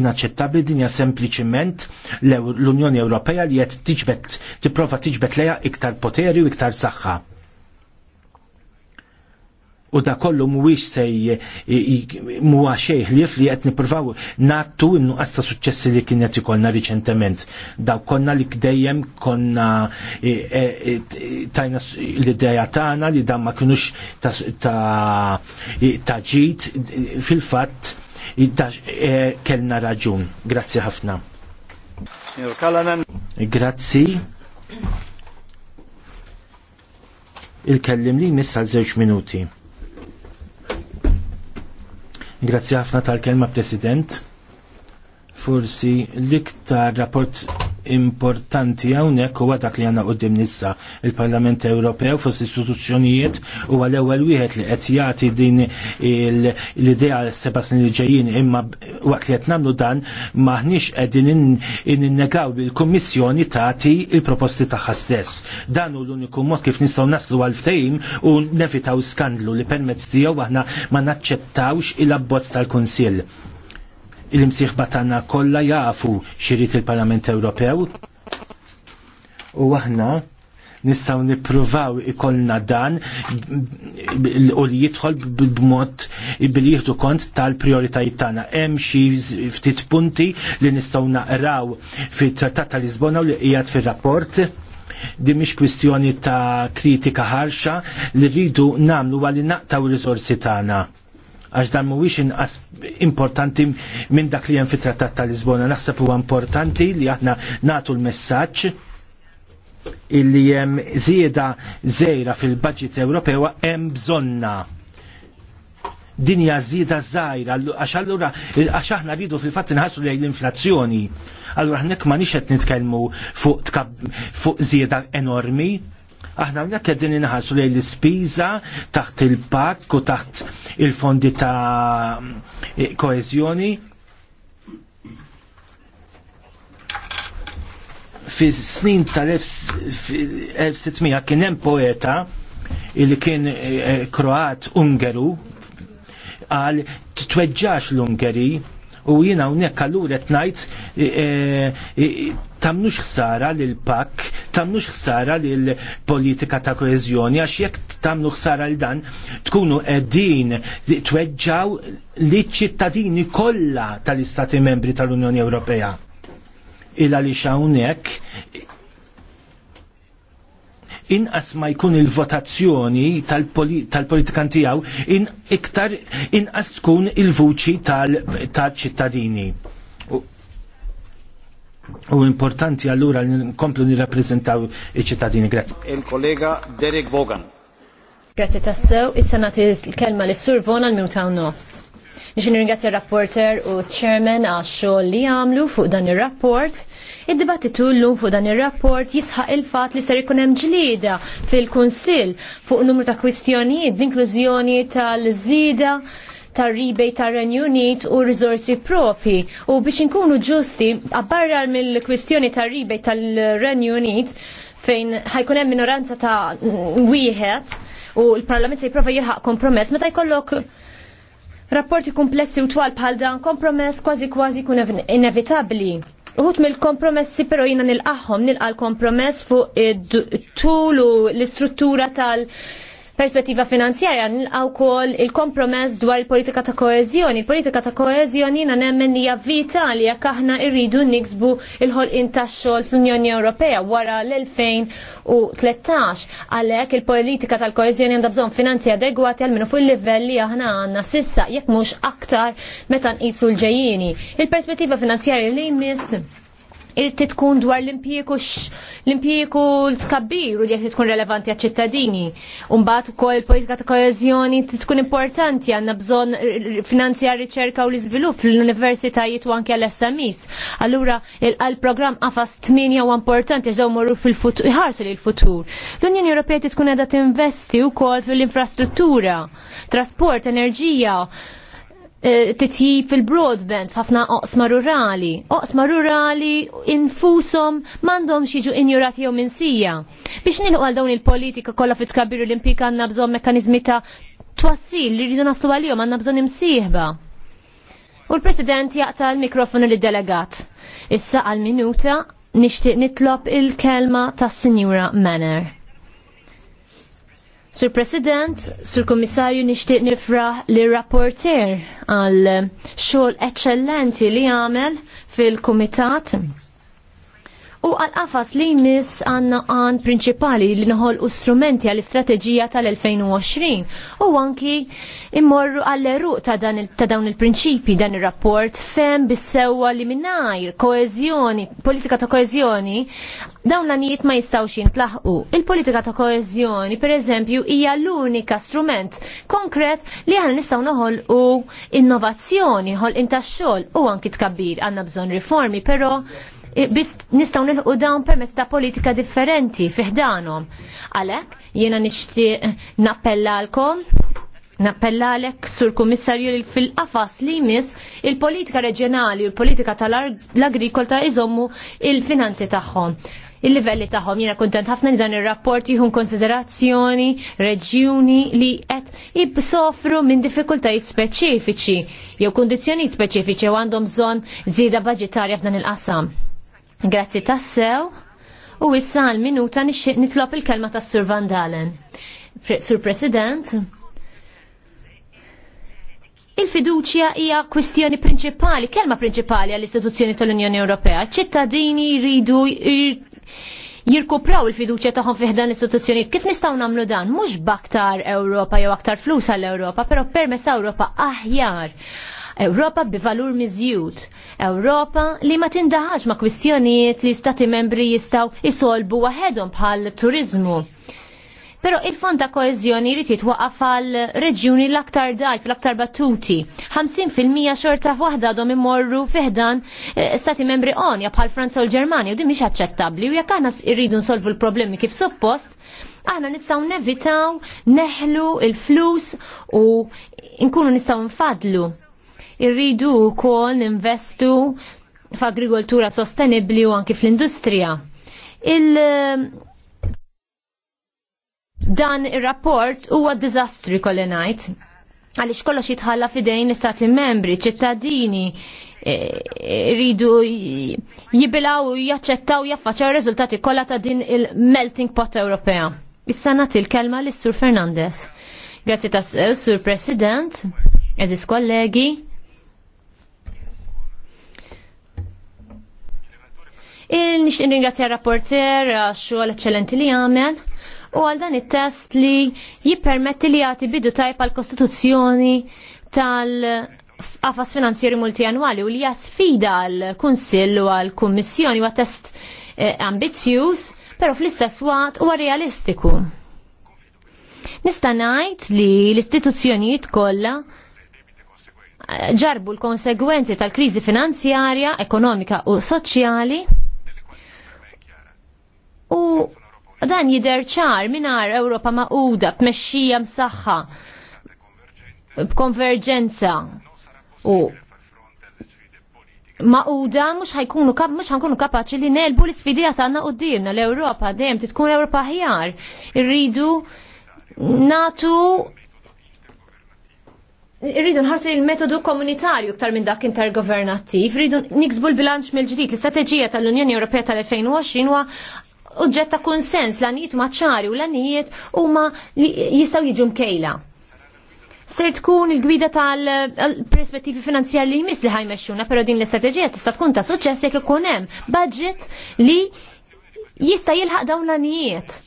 inaċċettabbli dinja sempliċiment l-Unjoni Ewropea li qed tiġbed tipprova tiġbed lejha iktar poteri u iktar saħħa u da kollu mhuwiex se muwa xejn li li qed nippruvaw nattu innu għasta ta' suċċessi li kien qed ikollna riċentement. konna li kdejjem konna e- e- e- tajna l-idea tagħna li dan ma kinux ta' ġid fil-fatt kellna raġun. Grazzi ħafna. Grazzi il-kellim li missa l-żewġ minuti. Grazzi ħafna tal-kelma President. Forsi l-iktar rapport importanti hawnhekk huwa dak li għanna għoddim nissa il-Parlament Ewropew fost istituzzjonijiet u għal ewwel wieħed li qed jagħti din l-idea seba' snin li ġejjin imma waqt li qed nagħmlu dan maħniex qegħdin innegaw bil kummissjoni tagħti il-proposti tagħha stess. Dan hu l-uniku mod kif nistgħu naslu għal ftehim u nevitaw skandlu li permezz tiegħu aħna ma naċċettawx il-abbozz tal-Kunsill il-msiħba tagħna kollha jafu xirrit il-Parlament Ewropew u aħna nistaw nipruvaw ikollna dan u li jidħol b'mod bil jieħdu kont tal-prioritajiet tagħna. Hemm xi ftit punti li nistgħu naqraw fit-Trattat ta' Lisbona u li qiegħed fir-rapport di mhix kwistjoni ta' kritika ħarxa li rridu nagħmlu għalli naqtaw rizorsi tagħna għax dan mhuwiex inqas importanti minn dak li hemm fit-Trattat ta' Lisbona. Naħseb huwa importanti li aħna nagħtu l-messaġġ illi hemm żieda żejra fil-budget Ewropew hemm bżonna dinja żieda żgħira għax allura għax aħna rridu fil-fatt inħassu lejn l-inflazzjoni. Allura ħnek ma nixet qed nitkellmu fuq fuq żieda enormi, Aħna hawnhekk qegħdin inħarsu lejn l-ispiża taħt il pak u taħt il-fondi ta' eh, koezjoni. fi snin tal-1600 kien hemm poeta illi kien eh, Kroat Ungeru għal tweġġax l-Ungeri u jina unnek għallur etnajt tamnux ħsara l-pak tamnux ħsara l politika ta' koeżjoni għax jekk tamnu ħsara l dan tkunu qegħdin tweġġaw liċ-ċittadini kollha tal-Istati Membri tal-Unjoni Ewropea. Illa li hawnhekk inqas ma jkun il-votazzjoni tal-politikan tiegħu in iktar inqas tkun il-vuċi tal-ċittadini. U importanti allura li nkomplu nirrappreżentaw iċ-ċittadini. Grazie. Il-kollega Derek Bogan. Grazie tassew, issa nagħti l-kelma lis sur Vona l-minuta u nofs. Nixin il rapporter u chairman għax xogħol li għamlu fuq dan il rapport Id-dibattitu l-lum fuq dan ir-rapport jisħaq il-fatt li ser ikun hemm ġlieda fil-Kunsill fuq numru ta' kwistjonijiet, l-inklużjoni tal-żieda tar-ribej tar-Renju Unit u rizorsi propi. U biex inkunu ġusti, abbarra mill-kwistjoni tar-ribej tal-Renju Unit fejn ħajkun hemm minoranza ta' wieħed u l-Parlament se jipprova jilħaq kompromess meta jkollok rapporti komplessi u twal bħal dan kompromess kważi kważi kun inevitabli. Uħut mill-kompromessi pero jina nil-qaħħom nil-qal kompromess fuq tul u l-istruttura tal- perspettiva finanzjarja nilqaw ukoll il-kompromess dwar il-politika ta' koeżjoni. Il-politika ta' koeżjoni na nemmen hija vitali jekk aħna rridu niksbu il ħolqien tax-xogħol fl-Unjoni Ewropea wara l-2013. Għalhekk il-politika tal-koezjoni għandha bżonn finanzi adegwati għal minnu fuq il-livell li aħna għandna sissa jekk mhux aktar meta nqisu l-ġejjieni. Il-perspettiva finanzjarja li jmiss irti tkun dwar l-impieku l-impieku l-tkabbir u li jek tkun relevanti għal ċittadini. Umbat u koll politika ta' koezjoni tkun importanti għanna bżon finanzjar riċerka u l-izvilup fl-universitajiet u anke l-SMIs. Allura il-program għafas t-minja u importanti ġdaw morru fil-futur, iħarsu li l-futur. L-Unjoni Ewropea tkun għedha tinvesti u koll fil-infrastruttura, trasport, enerġija, Eh, Titji fil-broadband ħafna oqsma rurali. Oqsma rurali infusom mandom xieġu injurati jew minsija. Biex nilqu għal dawn il-politika kollha fit tkabbir Olimpika għandna bżonn mekkaniżmi ta' twassil li rridu naslu għalihom għandna bżonn imsieħba. U l-President jaqta l-mikrofonu li delegat Issa għal minuta nixtieq nitlob il-kelma tas-Sinjura Manner. Sur President, Sur Komissarju nixtieq nifra li rapporter għal xogħol eċċellenti li għamel fil-Kumitat U għal-qafas li jmiss għanna għan principali li nħol u strumenti għal-istrateġija tal-2020 u anki immorru għall-eruq ta' dawn il-prinċipi dan il-rapport fem bissewa li minnajr koezjoni, politika ta' koezjoni dawn l-anijiet ma jistawx jintlaħqu. Il-politika ta' koezjoni, per eżempju, hija l-unika strument konkret li għal nistaw noħol u innovazzjoni, ħol intaxxol xogħol u anki tkabbir għandna bżonn riformi, però Bis nistaw nilħu dawn permess ta' politika differenti fiħdanhom. Għalhekk jiena nixtieq nappellalkom Nappellalek sur kummissarju li fil-qafas li jmiss il-politika reġjonali u l-politika tal-agrikolta iżommu il-finanzi tagħhom il-livelli tagħhom jiena kuntent ħafna li dan ir-rapport jieħu konsiderazzjoni reġjuni li qed jibsofru minn diffikultajiet speċifiċi jew kundizzjonijiet speċifiċi u għandhom bżonn żieda budġetarja f'dan il-qasam Grazzi tassew. U issa għal minuta nixtieq nitlob il-kelma tas Sur Van Dalen. Sur President, il-fiduċja hija kwistjoni prinċipali, kelma prinċipali għall-istituzzjoni tal-Unjoni Ewropea. ċittadini jridu jirkupraw il-fiduċja tagħhom fih dan l-istituzzjoni. Kif nistgħu nagħmlu dan? Mhux baktar Ewropa jew aktar flus għall-Ewropa, però permess Ewropa aħjar Ewropa bi valur miżjud, Ewropa li ma tindaħax ma' kwistjonijiet li stati membri jistaw isolbu waħedhom bħal turizmu. Pero il-fond ta' koezjoni jrid jitwaqaf għal reġjuni l-aktar dajf, l-aktar battuti. 50% xorta waħda dom imorru fiħdan eh, stati membri onja bħal Franza u l-Ġermanja u din mhix aċċettabbli u jekk aħna rridu nsolvu l-problemi kif suppost, aħna nistgħu nevitaw, neħlu il-flus u nkunu nistgħu nfadlu irridu wkoll investu f'agrikoltura sostenibbli u anki fl-industrija. Il dan ir-rapport huwa diżastri kolli ngħid. Għaliex kollox jitħalla fidejn l-istati membri, ċittadini, e, rridu jibilaw jaċċettaw jaffaċċaw ir-riżultati kollha ta' din il-melting pot Ewropea. Issa nagħti l-kelma lis sur Fernandez. Grazzi tas Sur President, eżis kollegi, Il-nix ringrazzja rapporter għax-xogħol uh, eċċellenti li għamel u għal dan it-test li jippermetti li jagħti bidu tajb għal kostituzzjoni tal qafas finanzjeri multianwali u li hija sfida għal kunsill u għal kummissjoni huwa test eh, ambizzjuż, però fl-istess waqt huwa realistiku. Nista' ngħid li l-istituzzjonijiet kollha eh, ġarbu l-konsegwenzi tal-kriżi finanzjarja, ekonomika u soċjali U dan jider ċar minar Ewropa maquda b'mexxija msaħħa b'konverġenza u maquda mhux ħajkunu kap mhux ħankunu kapaċi li nelbu l-isfidija tagħna qudiemna l-Ewropa dejjem titkun Ewropa ħjar. Irridu natu Irridu nħarsu il-metodu komunitarju ktar minn dak intergovernattiv, irridu niksbu l-bilanċ mill-ġdid. L-istrateġija tal-Unjoni Ewropea tal-2020 huwa uġġet ta' konsens l ma maċċari u l u huma jistgħu jiġu mkejla. Ser tkun il-gwida tal-perspettivi finanzjar li jmiss li ħajmexxuna, però din l-istrateġija tista' tkun ta' suċċess jekk ikun hemm budget li jista' jilħaq dawn l-anijiet.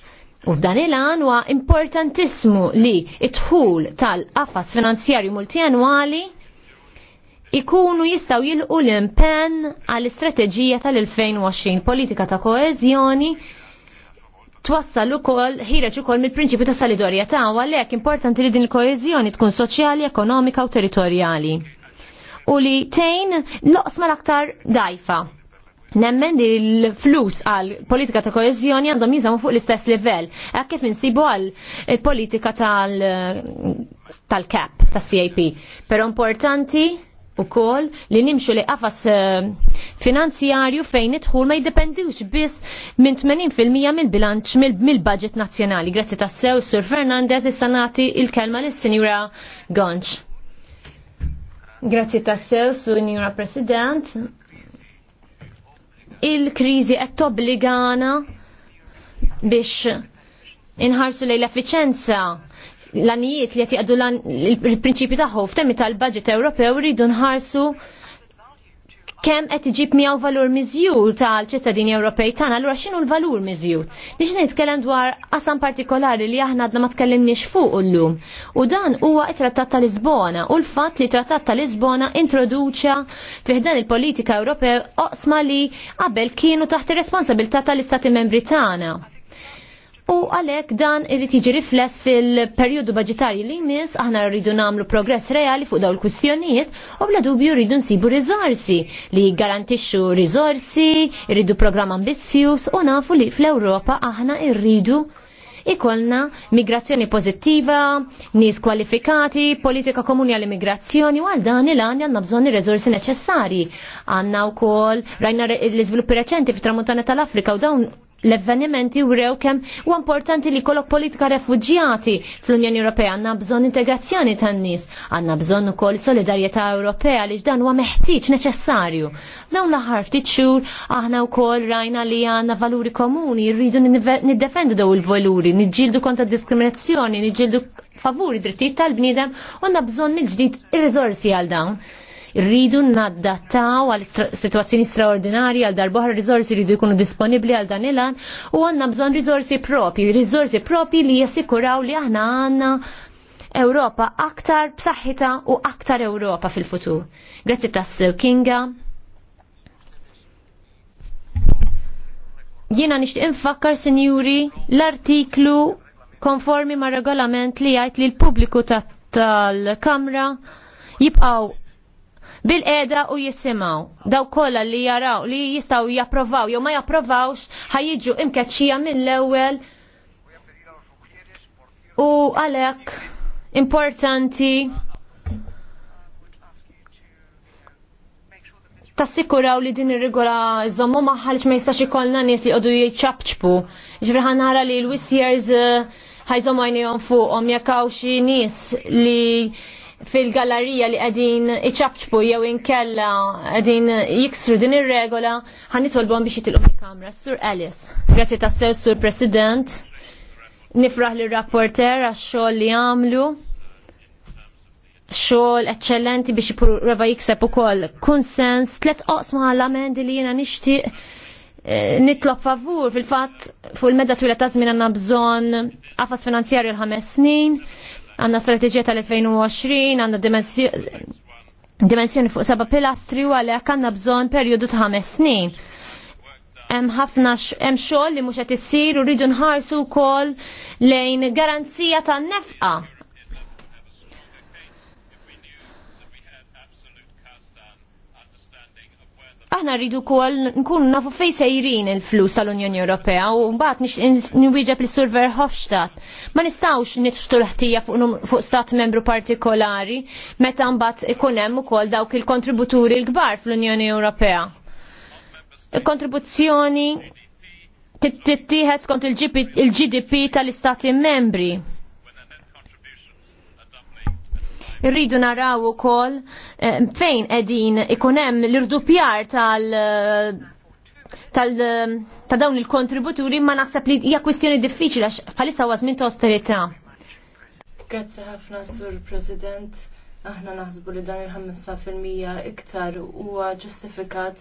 U f'dan il-għan huwa importantissimu li it-tħul tal-qafas finanzjarju multianwali ikunu jistaw jilqu l-impen għall-istrateġija tal-2020 politika ta' koezjoni twassal ukoll ħireġ ukoll mill prinċipi ta' ta' u għalhekk importanti li din il-koeżjoni tkun soċjali, ekonomika u territorjali. U li tejn loqsma l-aktar dajfa. Nemmen li l-flus għal politika ta' koezjoni għandhom jizamu fuq l-istess livell. Għak kif insibu għal politika tal-cap, tal cap tal cap Pero importanti u kol li nimxu li qafas eh, finanzjarju fejn idħul ma jiddependiwx biss minn 80% mill-bilanċ mill-budget nazzjonali. Grazzi sew Sur Fernandez issa nagħti il-kelma lis sinjura Gonċ. Grazzi tassew Sinjura President. Il-kriżi qed tobbligana biex inħarsu lejn l-effiċenza l-anijiet li jtiqdu l-prinċipju tagħhom f'temmi tal-budget Ewropew rridu nħarsu kemm qed iġib miegħu valur miżjur tal-ċittadini Ewropej tagħna, allura x'inhu l-valur miżjur? biex nitkellem dwar qasam partikolari li aħna għadna ma tkellimniex fuq llum. U dan huwa t-Trattat ta' Lisbona u l-fatt li Trattat ta' Lisbona introduċa fiħdan il-politika Ewropew oqsma li qabel kienu taħt ir-responsabilità tal-Istati Membri tagħna U għalek dan irrid jiġi rifless fil-perjodu budgetarji li jmiss aħna rridu nagħmlu progress reali fuq dawn il u bla dubju rridu nsibu rizorsi li jgarantixxu rizorsi, rridu programm ambizzjuż u nafu li fl-Ewropa aħna rridu ikolna migrazzjoni pozittiva, nis kwalifikati, politika komuni għall immigrazzjoni u għal dan il-għan għanna bżonni rezorsi neċessari. Għanna u kol, rajna l izvilupi reċenti fit tramuntana tal-Afrika u dawn l evvenimenti wrew kemm u importanti li kolok politika refugjati fl-Unjoni Ewropea għandna bżonn integrazzjoni tan-nies, għandna bżonn ukoll solidarjetà Ewropea li dan huwa meħtieġ neċessarju. Dawn l-aħħar ftit xhur aħna wkoll rajna li għandna valuri komuni, rridu niddefendu daw il-valuri, niġġieldu kontra diskriminazzjoni, niġġieldu favuri drittijiet tal-bniedem u għandna bżonn mill-ġdid ir-riżorsi għal dawn. Rridu naddattaw għal situazzjoni straordinarji għal darbohar rizorsi rridu jkunu disponibli għal dan il-għan u għanna bżon rizorsi propi, rizorsi propi li jassikuraw li aħna għanna Ewropa aktar b'saħħita u aktar Ewropa fil-futur. Grazzi tassew Kinga. Jiena nixtieq infakkar, sinjuri, l-artiklu konformi ma' regolament li jgħid li l-pubbliku tal-Kamra jibqgħu bil-qeda u jisimaw. Daw kolla li jaraw li jistaw japprovaw jew ma japprovawx ħajjiġu imkeċċija mill-ewwel u għalhekk importanti tassikuraw li din ir rigola żommu maħħalx ma jistax ikollna nies li qogħdu jiċċabċbu. Ġifri ħanara li l wisjers eh, ħajżommu għajnejhom fuqhom jekk hawn xi nies li fil-gallerija li qegħdin iċabċbu jew inkella qegħdin jiksru din ir-regola għan biex jitilqu kamra Sur Ellis, grazzi tassew Sur President, nifraħ li rapporter għax-xogħol li għamlu xogħol eċċellenti biex jipprova jikseb ukoll konsens tliet oqsma għall-amendi li jiena nixtieq eh, nitlob favur fil-fatt fuq il-medda twila ta' żmien għandna bżonn qafas finanzjarju l-ħames snin, għanna strategija tal-2020, għanna dimensjoni fuq seba pilastri u għalhekk għandna bżonn perjodu ta' ħames snin. Hemm ħafna hemm xogħol li mhux qed issir u rridu nħarsu wkoll lejn garanzija tan-nefqa Aħna rridu kol nkunu nafu fej sejrin il-flus tal-Unjoni Ewropea u mbagħad nwieġeb li sur Verhofstadt. Ma nistgħux nitftu l-ħtija fuq stat membru partikolari meta mbagħad ikun hemm ukoll dawk il-kontributuri l-kbar fl-Unjoni Ewropea. il Kontribuzzjoni tittieħed skont il-GDP tal-istati membri Irridu naraw ukoll eh, fejn qegħdin ikun hemm l-irdupjar tal eh, tal eh, ta' dawn il-kontributuri ma naħseb li hija kwistjoni diffiċli għax bħalissa huwa żmien ta' Grazzi ħafna Sur President. Aħna naħsbu li dan il-5% iktar huwa ġustifikat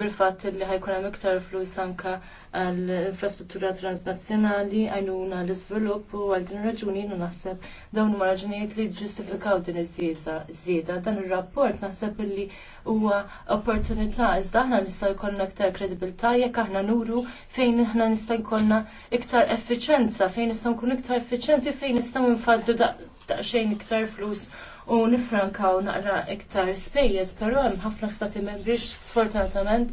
bil-fatt li ħajkun hemm iktar flus anka għall-infrastruttura transnazzjonali għajnuna l-iżvilupp u għal din raġuni jiena naħseb dawn huma raġunijiet li ġustifikaw din iż-żieda. Dan ir-rapport naħseb li huwa opportunità iżda aħna nista' jkollna iktar kredibilità jekk aħna nuru fejn aħna nista' jkollna iktar effiċenza, fejn nista' nkun iktar effiċenti, fejn nistgħu nfaddu daqsxejn iktar flus u nifrankaw naqra iktar spejjeż, però hemm ħafna stati membri sfortunatament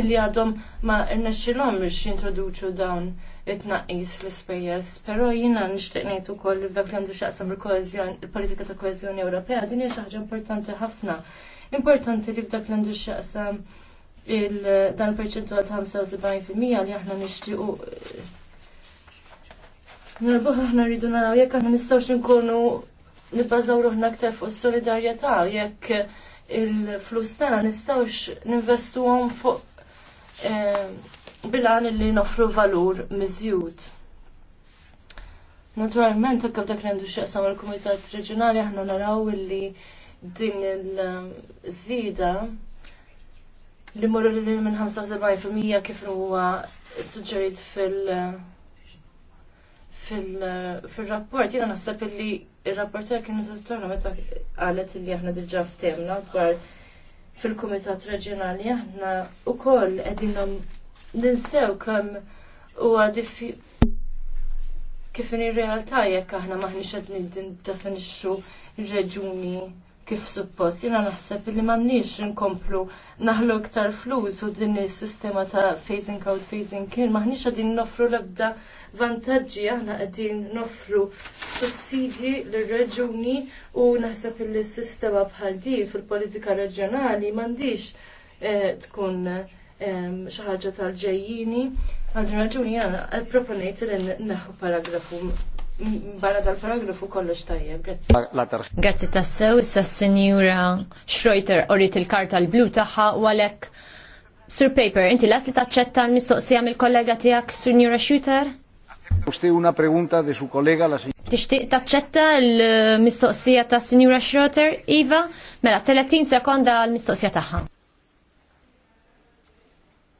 illi għadhom ma rnexxilhom biex jintroduċu dawn it-tnaqqis fl-ispejjeż. Però jiena nixtieq ngħid ukoll li f'dak li għandu x'aqsam il-politika ta' koeżjoni Ewropea din hija xi ħaġa importanti ħafna. Importanti li f'dak li għandu x'aqsam dan perċentwal ta' 75% li aħna nixtiequ Nerbuħ aħna rridu naraw jekk aħna nistgħux inkunu nibbażaw ruħna aktar fuq is-solidarjetà jekk il-flus tagħna nistgħux ninvestuhom fuq eh, bilan li nofru valur miżjud. Naturalment, hekk dak li għandu x'jaqsam il-Kumitat Reġjonali aħna naraw illi din il-żieda li morru li minn 75% kif huwa suġġerit fil- fil-rapport, jina nasab li il-rapporter kienu t-torna meta għalet li aħna diġa f'temna dwar fil-Kumitat Reġjonali aħna u koll għedin ninsew kem u għadifi kif in realtà jekk aħna maħniex qed nindefinixxu reġuni kif suppost. Jiena naħseb li m'għandniex inkomplu naħlu iktar flus u din is-sistema ta' phasing out phasing in maħniex qegħdin nofru l-ebda vantaġġi aħna qegħdin noffru sussidji lir-reġuni u naħseb li s-sistema bħal din fil-politika reġjonali m'għandix eh, tkun ehm, xi ħaġa tal-ġejjini. Għal-raġuni għana proponejt li naħu paragrafu barra dal-paragrafu kollox tajjeb, grazzi. Grazzi tassew, issa s-senjura Schroeter orrit il-karta l-blu taħħa u għalek Sur Paper, inti las li taċċetta l-mistoqsija mill-kollega tijak, Sur Njura Shooter? una pregunta de su la signora. Tixtieq taċċetta l-mistoqsija ta' Sinjura Schroeter, Iva, mela 30 sekonda l-mistoqsija tagħha.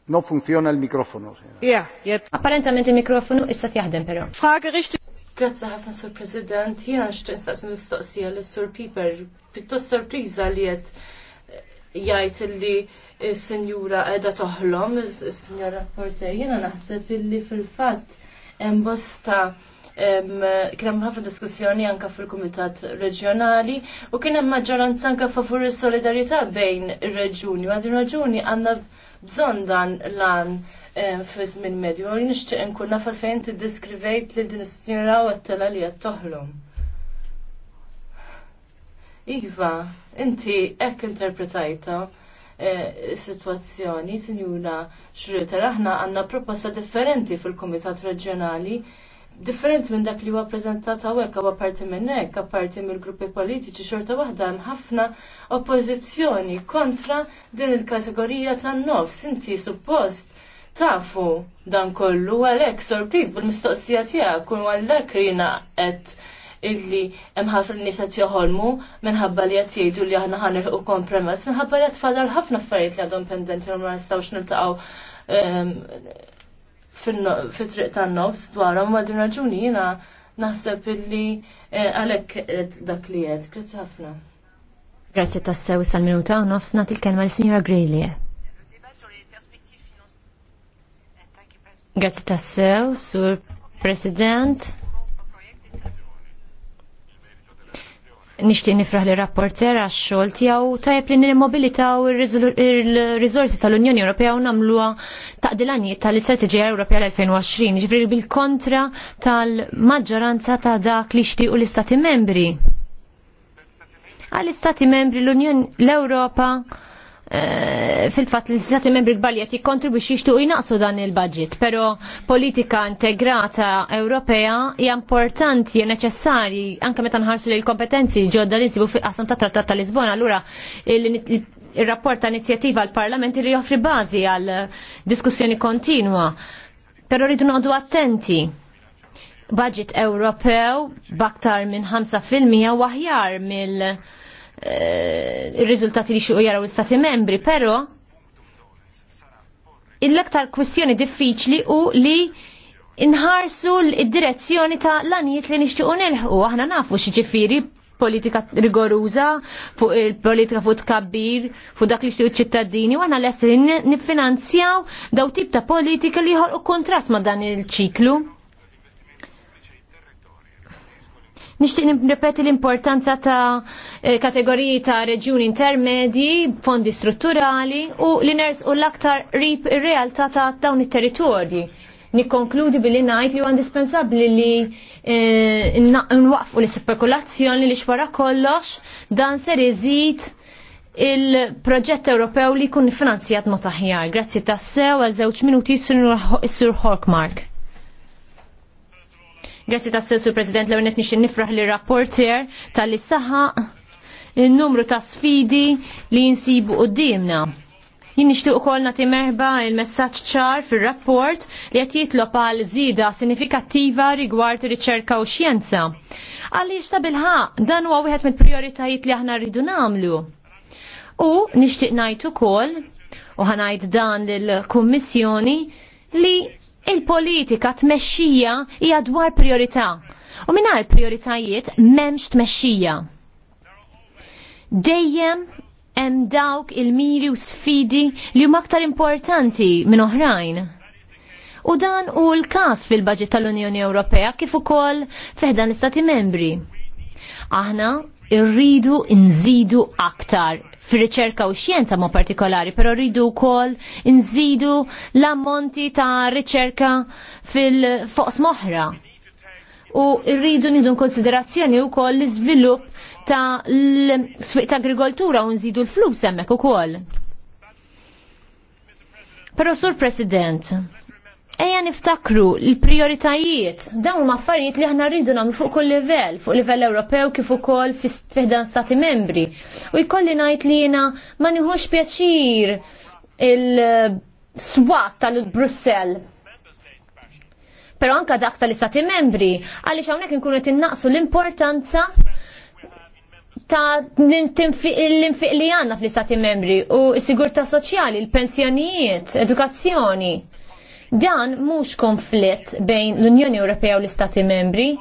No funziona il-mikrofonu. Ja, jett. Apparentament il-mikrofonu issa jaħdem però. Frage richtig. Grazzi ħafna sur President, jiena nixtieq nistaqsi mistoqsija lis sur Piper, pjuttost sorpriża li qed eh, jgħid li s-sinjura qiegħda toħlom, is-sinjora Porter, jiena naħseb illi fil-fatt embosta kien hemm ħafna diskussjoni anke fil-Kumitat Reġjonali u kien hemm maġġoranza anke favur is-solidarjetà bejn ir-reġuni. Ma din ir-reġuni għandna bżonn dan lan fi żmien medju. U nixtieq inkun naf fejn tiddiskrivejt li din is-sinjura u t-tela li qed toħlom. Iva, inti hekk interpretajta. Eh, situazzjoni, Sinjura Xriter, aħna għandna proposta differenti fil-Kumitat Reġjonali differenti minn dak li huwa preżentat hawnhekk huwa parti minn hekk, apparti mill-gruppi politiċi xorta waħda hemm ħafna oppożizzjoni kontra din il-kategorija tan-nofs. Inti suppost tafu dan kollu għalhekk sorpriż bil-mistoqsija tiegħek u għalhekk rina qed illi hemm ħafna nies qed joħolmu minħabba li qed jgħidu li aħna ħanilħu kompromess minħabba li qed tfadal ħafna affarijiet li għadhom pendenti u ma nistgħux niltaqgħu ehm, fit-triq tan-nofs dwar għal din raġuni jiena naħseb illi eh, għalhekk dak li jed. Grazzi ħafna. Grazzi tassew sal-minuta u nofs nagħti l-kelma l-Sinjora Grejlie. Grazzi tassew, Sur President. Nixtieq nifraħ li rapporter għax xogħol tiegħu tajjeb li u ir-riżorsi tal-Unjoni Ewropea u nagħmluha taqdilanijiet tal-Istrateġija Ewropea l-2020, ġifri bil-kontra tal-maġġoranza ta' dak li xtiequ l-Istati membri. għal istati membri l-Unjoni l-Ewropa Eh, fil-fat li l-Istati membri kbar li jati kontribuċi jishtuq jnaqsu dan il-budget, pero politika integrata Ewropea hija importanti u neċessari anke meta nħarsu li l-kompetenzi ġodda li nsibu fil-qasam ta' trattat ta' Lisbona, allura il-rapport ta' inizjativa għal parlamenti li joffri bażi għal diskussjoni kontinwa. Pero rridu noqdu attenti budget Ewropew baktar minn 5% waħjar mill- Eh, il-riżultati li xuqu jaraw il stati membri, pero l-aktar kwestjoni diffiċli u li inħarsu l-direzzjoni ta' l-anijiet li nixtiequ nilħu. Aħna nafu xiġifieri politika rigoruża fuq il-politika fuq tkabbir, fuq dak li xtiju ċittadini, u għana l-essin nifinanzjaw daw tip ta' politika li jħolqu kontrast ma' dan il-ċiklu. Nixtieq nirrepeti l-importanza ta' eh, kategoriji ta' reġjuni intermedji, fondi strutturali u li nersqu l-aktar rip ir-realtà ta' dawn it-territorji. Nikkonkludi billi ngħid li huwa indispensabbli li eh, nwaqfu l-spekulazzjoni li xwara kollox dan ser iżid il-proġett Ewropew li kun finanzjat mod aħjar. Grazzi tassew għal żewġ minuti s-sur Horkmark. Grazzi ta' s-sessu President l-għonet nixin nifraħ li rapporter tal-li il-numru ta' sfidi li jinsibu u dimna. Jien nixtieq ukoll nagħti merba il-messaġġ ċar fir-rapport li qed jitlob għal zida sinifikattiva rigward ir-riċerka u xjenza. Għaliex ta' bilħaq dan huwa wieħed mill-prijoritajiet li aħna rridu nagħmlu. U nixtieq ngħid ukoll u ħanajt dan l kummissjoni li Il-politika tmexxija hija dwar priorità. U mingħajr prioritajiet m'hemmx tmexxija. Dejjem hemm dawk il-miri u sfidi li huma aktar importanti minn oħrajn. U dan u l-kas fil-budget tal-Unjoni Ewropea kif ukoll fiħdan l-Istati membri. Aħna irridu nżidu aktar fir-riċerka u xjenza ma' partikolari, pero rridu wkoll nżidu l-ammonti ta' riċerka fil-foqs moħra. U rridu nidu konsiderazzjoni wkoll l-iżvilupp ta' l-swiq ta' agrikoltura u nżidu l-flus hemmhekk ukoll. Pero sur President, Eja niftakru l-prioritajiet, dawn huma affarijiet li aħna rridu nagħmlu fuq kull livell, fuq livell Ewropew kif ukoll fiħdan stati membri. U jkolli ngħid li jiena ma nieħux pjaċir il-swat tal-Brussell pero anka dak tal-istati membri, għaliex hawnhekk inkunu qed innaqsu l-importanza ta' l-infiq li għandna fl-istati membri u s-sigurta soċjali, l-pensjonijiet, edukazzjoni. Dan mhux konflitt bejn l-Unjoni Ewropea u l-Istati Membri,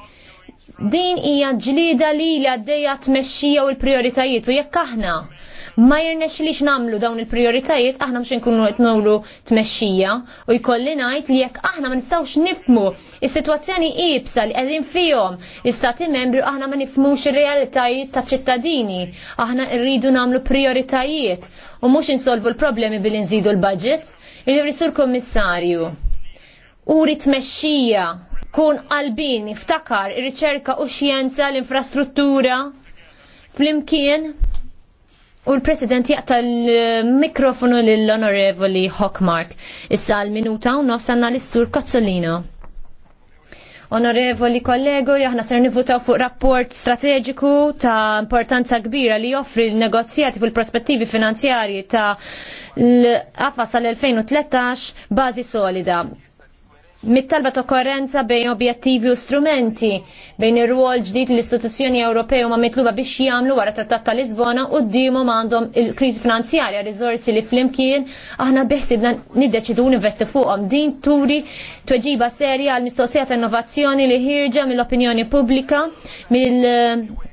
din hija ġlida li li għaddejja tmexxija u l-prioritajiet u jekk aħna ma jirnex li namlu dawn il-prioritajiet aħna mxin kunu qed tmexxija u jkolli ngħid li jekk aħna ma nistgħux nifmu il sitwazzjoni ibsa li għedin fihom l-istati membri aħna ma nifmux ir-realitajiet ta' ċittadini. Aħna rridu nagħmlu prioritajiet u mhux insolvu l-problemi billi nżidu l-budget Il-Sur Kommissarju, uri tmexxija kun qalbin iftakar ir-riċerka u xjenza l-infrastruttura fl-imkien U l-President jaqta l-mikrofonu l-Onorevoli Hockmark. Issa l-minuta u nofsanna l-Sur Kozzolino. Onorevoli Kollegu, jahna ser nivutaw fuq rapport strategiku ta' importanza kbira li joffri l-negozjati fuq l prospettivi finanzjarji ta' l-qafas tal-2013 bazi solida mit-talba ta' korrenza bejn objettivi u strumenti bejn ir-rwol ġdid l-istituzzjoni Ewropej ma mitluba biex jagħmlu wara trattat ta' Lisbona u d-diemhom għandhom il-kriżi finanzjarja riżorsi li flimkien aħna biħsibna niddeċidu nivesti fuqhom din turi tweġiba serja għal mistoqsija ta' innovazzjoni li ħirġa mill-opinjoni pubblika mill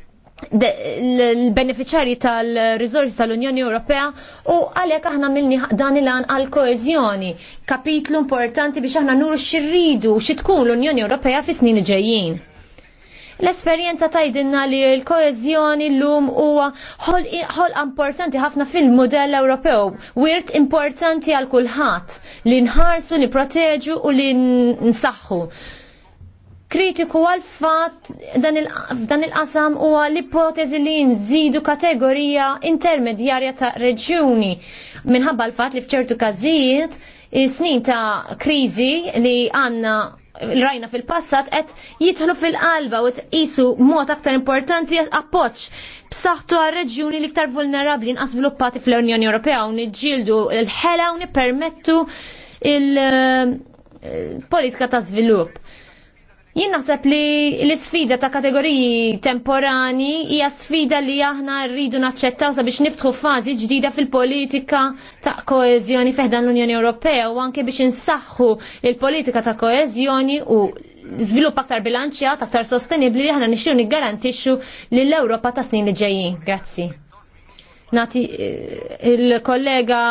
l-beneficjarji tal-rizorsi tal-Unjoni Ewropea u għalhekk aħna milni dan il-għan għal-koezjoni, kapitlu importanti biex aħna nuru xirridu xi tkun l-Unjoni Ewropea fis snin ġejjin. L-esperjenza tajdinna li l-koezjoni l-lum huwa ħolq importanti ħafna fil-modell Ewropew, wirt importanti għal kulħadd li nħarsu, li proteġu u li nsaħħu kritiku għal fat dan il-qasam u l-ipotezi li nżidu kategorija intermedjarja ta' reġjuni minħabba l-fat li fċertu każijiet snin ta' krizi li għanna rajna fil-passat qed jitħlu fil-qalba u tqisu mod aktar importanti appoġġ b'saħħtu għal reġjuni l-iktar vulnerabbli nqas sviluppati fl-Unjoni Ewropea u niġġieldu l-ħela u nippermettu il- eh, politika ta' żvilupp. Jien naħseb li l-sfida ta' kategoriji temporani hija sfida li aħna rridu naċċettaw sabiex niftħu fażi ġdida fil-politika ta' koeżjoni feħdan l-Unjoni Ewropea u anke biex insaħħu il-politika ta' koeżjoni u żvilupp aktar bilanċjat, aktar sostenibli li aħna nixtiew niggarantixxu lill-Ewropa ta' snin li ġejjin. Grazzi. Nati eh, il-kollega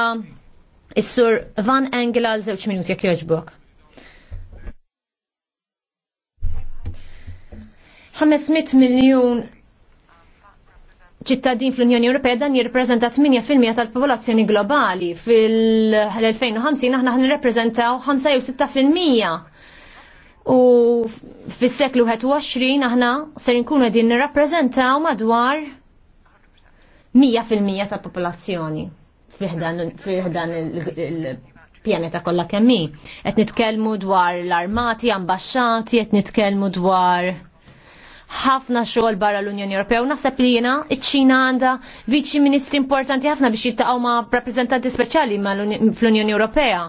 is-sur Van Engel għal żewġ minuti jekk jogħġbok. 500 miljun ċittadin fl-Unjoni Ewropea dan jirrepreżenta 8% tal-popolazzjoni globali. Fil-2050 aħna nirrepreżentaw 5 jew 6%. U fis-seklu 21 aħna ser nkunu qegħdin nirrappreżentaw madwar 100% tal-popolazzjoni fiħdan il-pjaneta kollha kemm hi. Qed nitkellmu dwar l-armati, ambaxxati, qed nitkellmu dwar ħafna xogħol barra l-Unjoni Ewropea u naħseb li jiena iċ-Ċina għandha viċi ministri importanti ħafna biex jittaqgħu ma' rappreżentanti speċjali fl-Unjoni Ewropea.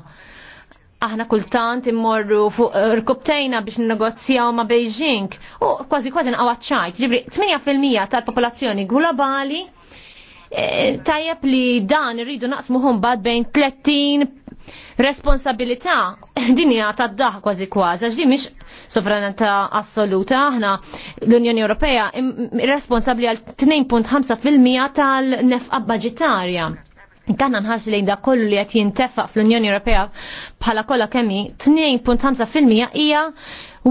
Aħna kultant immorru fuq eh, rkubtejna biex ninnegozjaw ma' Beijing u kważi kważi nqawaċċajt. Ġifri, 8% tal-popolazzjoni globali eh, tajjeb li dan irridu naqsmuhom bad bejn 30 responsabilità din hija tad-daħ kważi kważi għax din mhix sovranità assoluta aħna l-Unjoni Ewropea responsabbli għal 2.5% tal-nefqa baġitarja. Kanna nħarx lejn da kollu li qed jintefaq fl-Unjoni Ewropea bħala kollha kemmi 2.5% hija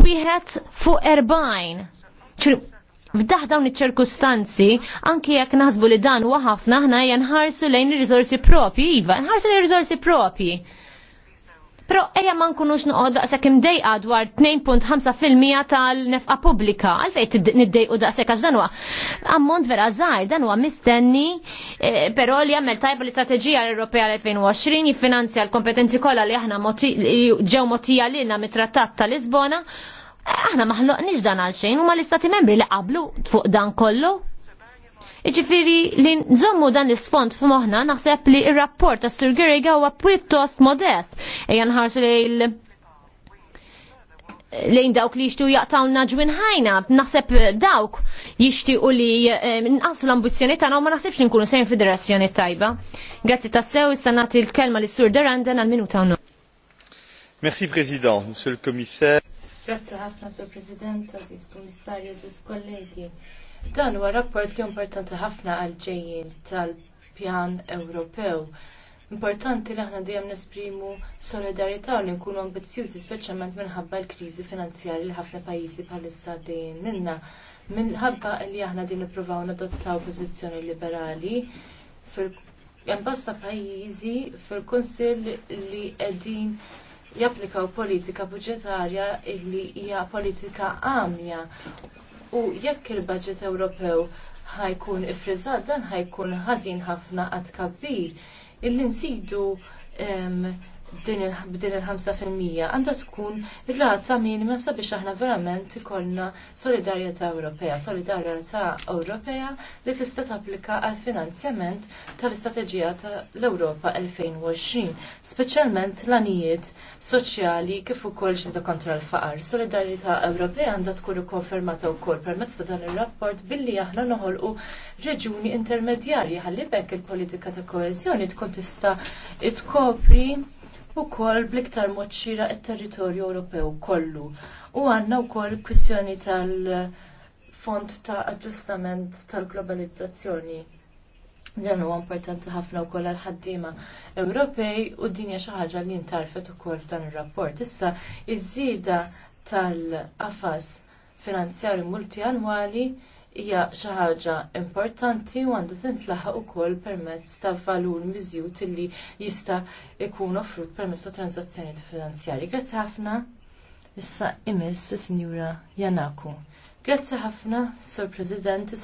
wieħed fuq 40 F'daħ dawn iċ-ċirkustanzi, anki jekk naħsbu li dan huwa ħafna aħna hija nħarsu lejn ir-riżorsi propji, iva, nħarsu lejn ir-riżorsi propji. Però ejja ma nkunux noqgħod daqshekk imdejqa dwar 2.5% tal-nefqa pubblika. Għalfejn niddejqu daqsek għax danwa. ammont vera żgħir, dan huwa mistenni, eh, però li jagħmel tajba l-istrateġija Ewropea 2020 jiffinanzja l-kompetenzi kollha li aħna ġew motija lilna mit-Trattat ta' Lisbona aħna nix dan għal xejn huma l-istati membri li qablu fuq dan kollu. Iġifiri li nżommu dan l-sfond f'moħna naħseb li il rapport ta' Sir Gerega huwa pjuttost modest. Ejja nħarsu lejl lejn dawk li jishtu jaqtawna naġwin ħajna, naħseb dawk u li nqasu l-ambizjoni tagħna u ma naħsibx li nkunu sejn fid-direzzjoni tajba. Grazzi tassew, issa nagħti l-kelma lis sur Derandan għal minuta u Merci President, Monsieur le Commissaire. Grazzi ħafna, Sur President, Aziz Komissarju, Aziz Kollegi. Dan huwa rapport li importanti ħafna għal ġejjin tal-Pjan Ewropew. Importanti li aħna dejjem nesprimu solidarità u li nkunu ambizjużi speċjalment minħabba l-kriżi finanzjarji li ħafna pajjiżi bħalissa dejjem minna. Minħabba li aħna din nippruvaw nadottaw pożizzjoni liberali fil-jambasta pajjiżi fil-Kunsill li qegħdin japplikaw politika budġetarja illi hija politika għamja. U jekk il-budget Ewropew ħajkun ifriżat dan ħajkun ħażin ħafna għad kabbir. Illi nsidu b'din il-5% għandha tkun ir-rata minima sabiex aħna verament ikollna solidarjetà Ewropea, solidarjetà Ewropea li tista' tapplika għal finanzjament tal-istrateġija tal-Ewropa 2020, speċjalment l-anijiet soċjali kif ukoll x'inta kontra l-faqar. Solidarjetà Ewropea għandha tkun ikkonfermata wkoll permezz ta' dan ir-rapport billi aħna noħolqu reġuni intermedjarji ħalli bekk il-politika ta' koeżjoni tkun tista' tkopri kol bliktar mod il t-territorju Ewropew kollu. U għandna wkoll kwestjoni tal-Fond ta' Aġġustament tal-Globalizzazzjoni dan huwa importanti ħafna wkoll għal ħaddiema Ewropej u din hija xi ħaġa li ntarfet ukoll f'dan ir-rapport. Issa iż-żieda tal-qafas finanzjarju multianwali hija xi ħaġa importanti u għandha tintlaħaq ukoll permezz ta' valur miżjud li jista' jkun offrut permezz ta' transazzjoni finanzjarji. Grazzi ħafna. Issa imiss Sinjura Janaku. Grazzi ħafna, Sur President,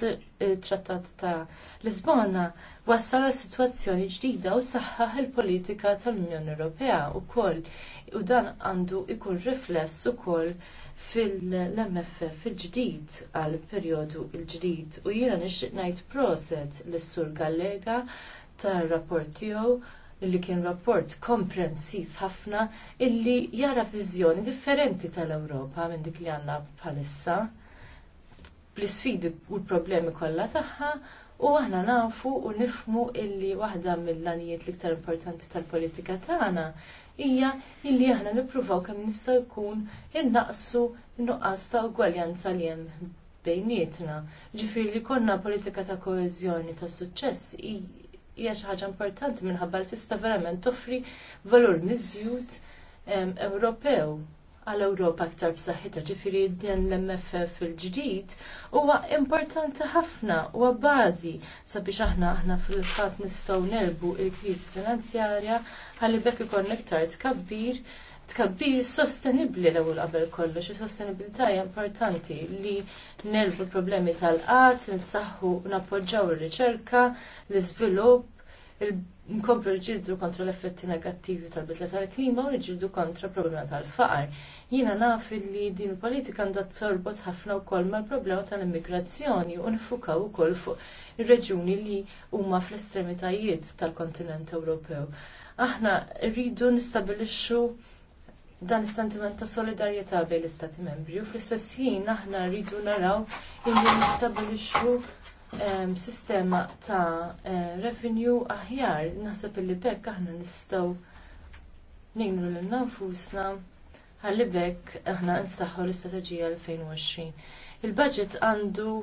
il-Trattat eh, ta' Lisbona wassal la sitwazzjoni ġdida u saħħaħ il-politika tal-Unjoni Ewropea u koll u dan għandu ikun rifless ukoll fil-MFF fil-ġdid għal perjodu il-ġdid u jiena nixtieq ngħid proset lis-Sur Gallega tar-rapport tiegħu li kien rapport komprensiv ħafna illi jara viżjoni differenti tal-Ewropa minn dik li għandna bħalissa bl isfidi u l-problemi kollha tagħha u aħna nafu u nifmu illi waħda mill-lanijiet l-iktar importanti tal-politika tagħna hija illi aħna nippruvaw kemm nista' jkun innaqsu n-nuqqas ta' ugwaljanza li hemm bejnietna. Ġifieri li konna politika ta' koeżjoni ta' suċċess hija xi ħaġa importanti minħabba li tista' verament toffri valur miżjud Ewropew għal Ewropa aktar b'saħħitha ġifieri din l-MFF il-ġdid huwa importanti ħafna u bażi sabiex aħna aħna fil-fatt nistgħu nelbu l-kriżi finanzjarja ħalli bekk ikun iktar tkabbir tkabbir sostenibli l-ewwel qabel kollox, sostenibilità hija importanti li nelbu problemi tal-qatt, nsaħħu nappoġġaw ir-riċerka, l-iżvilupp, nkomplu l ġildu kontra l-effetti negattivi tal-bidla tal-klima u l ġildu kontra problema tal-faqar. Jiena naf li din politika għandha sorbot ħafna wkoll mal-problema tal-immigrazzjoni u nfukaw ukoll fuq ir-reġuni li huma fl-estremitajiet tal-kontinent Ewropew. Aħna rridu nistabilixxu dan is-sentiment ta' solidarjetà bejn l-Istati Membri u fl-istess ħin aħna rridu naraw illi nistabilixxu um, sistema ta' uh, revenue aħjar naħseb illi bekk aħna nistgħu ngħinu lil nafusna Għalli bekk aħna nsaħħu l-istrateġija 2020. Il-budget għandu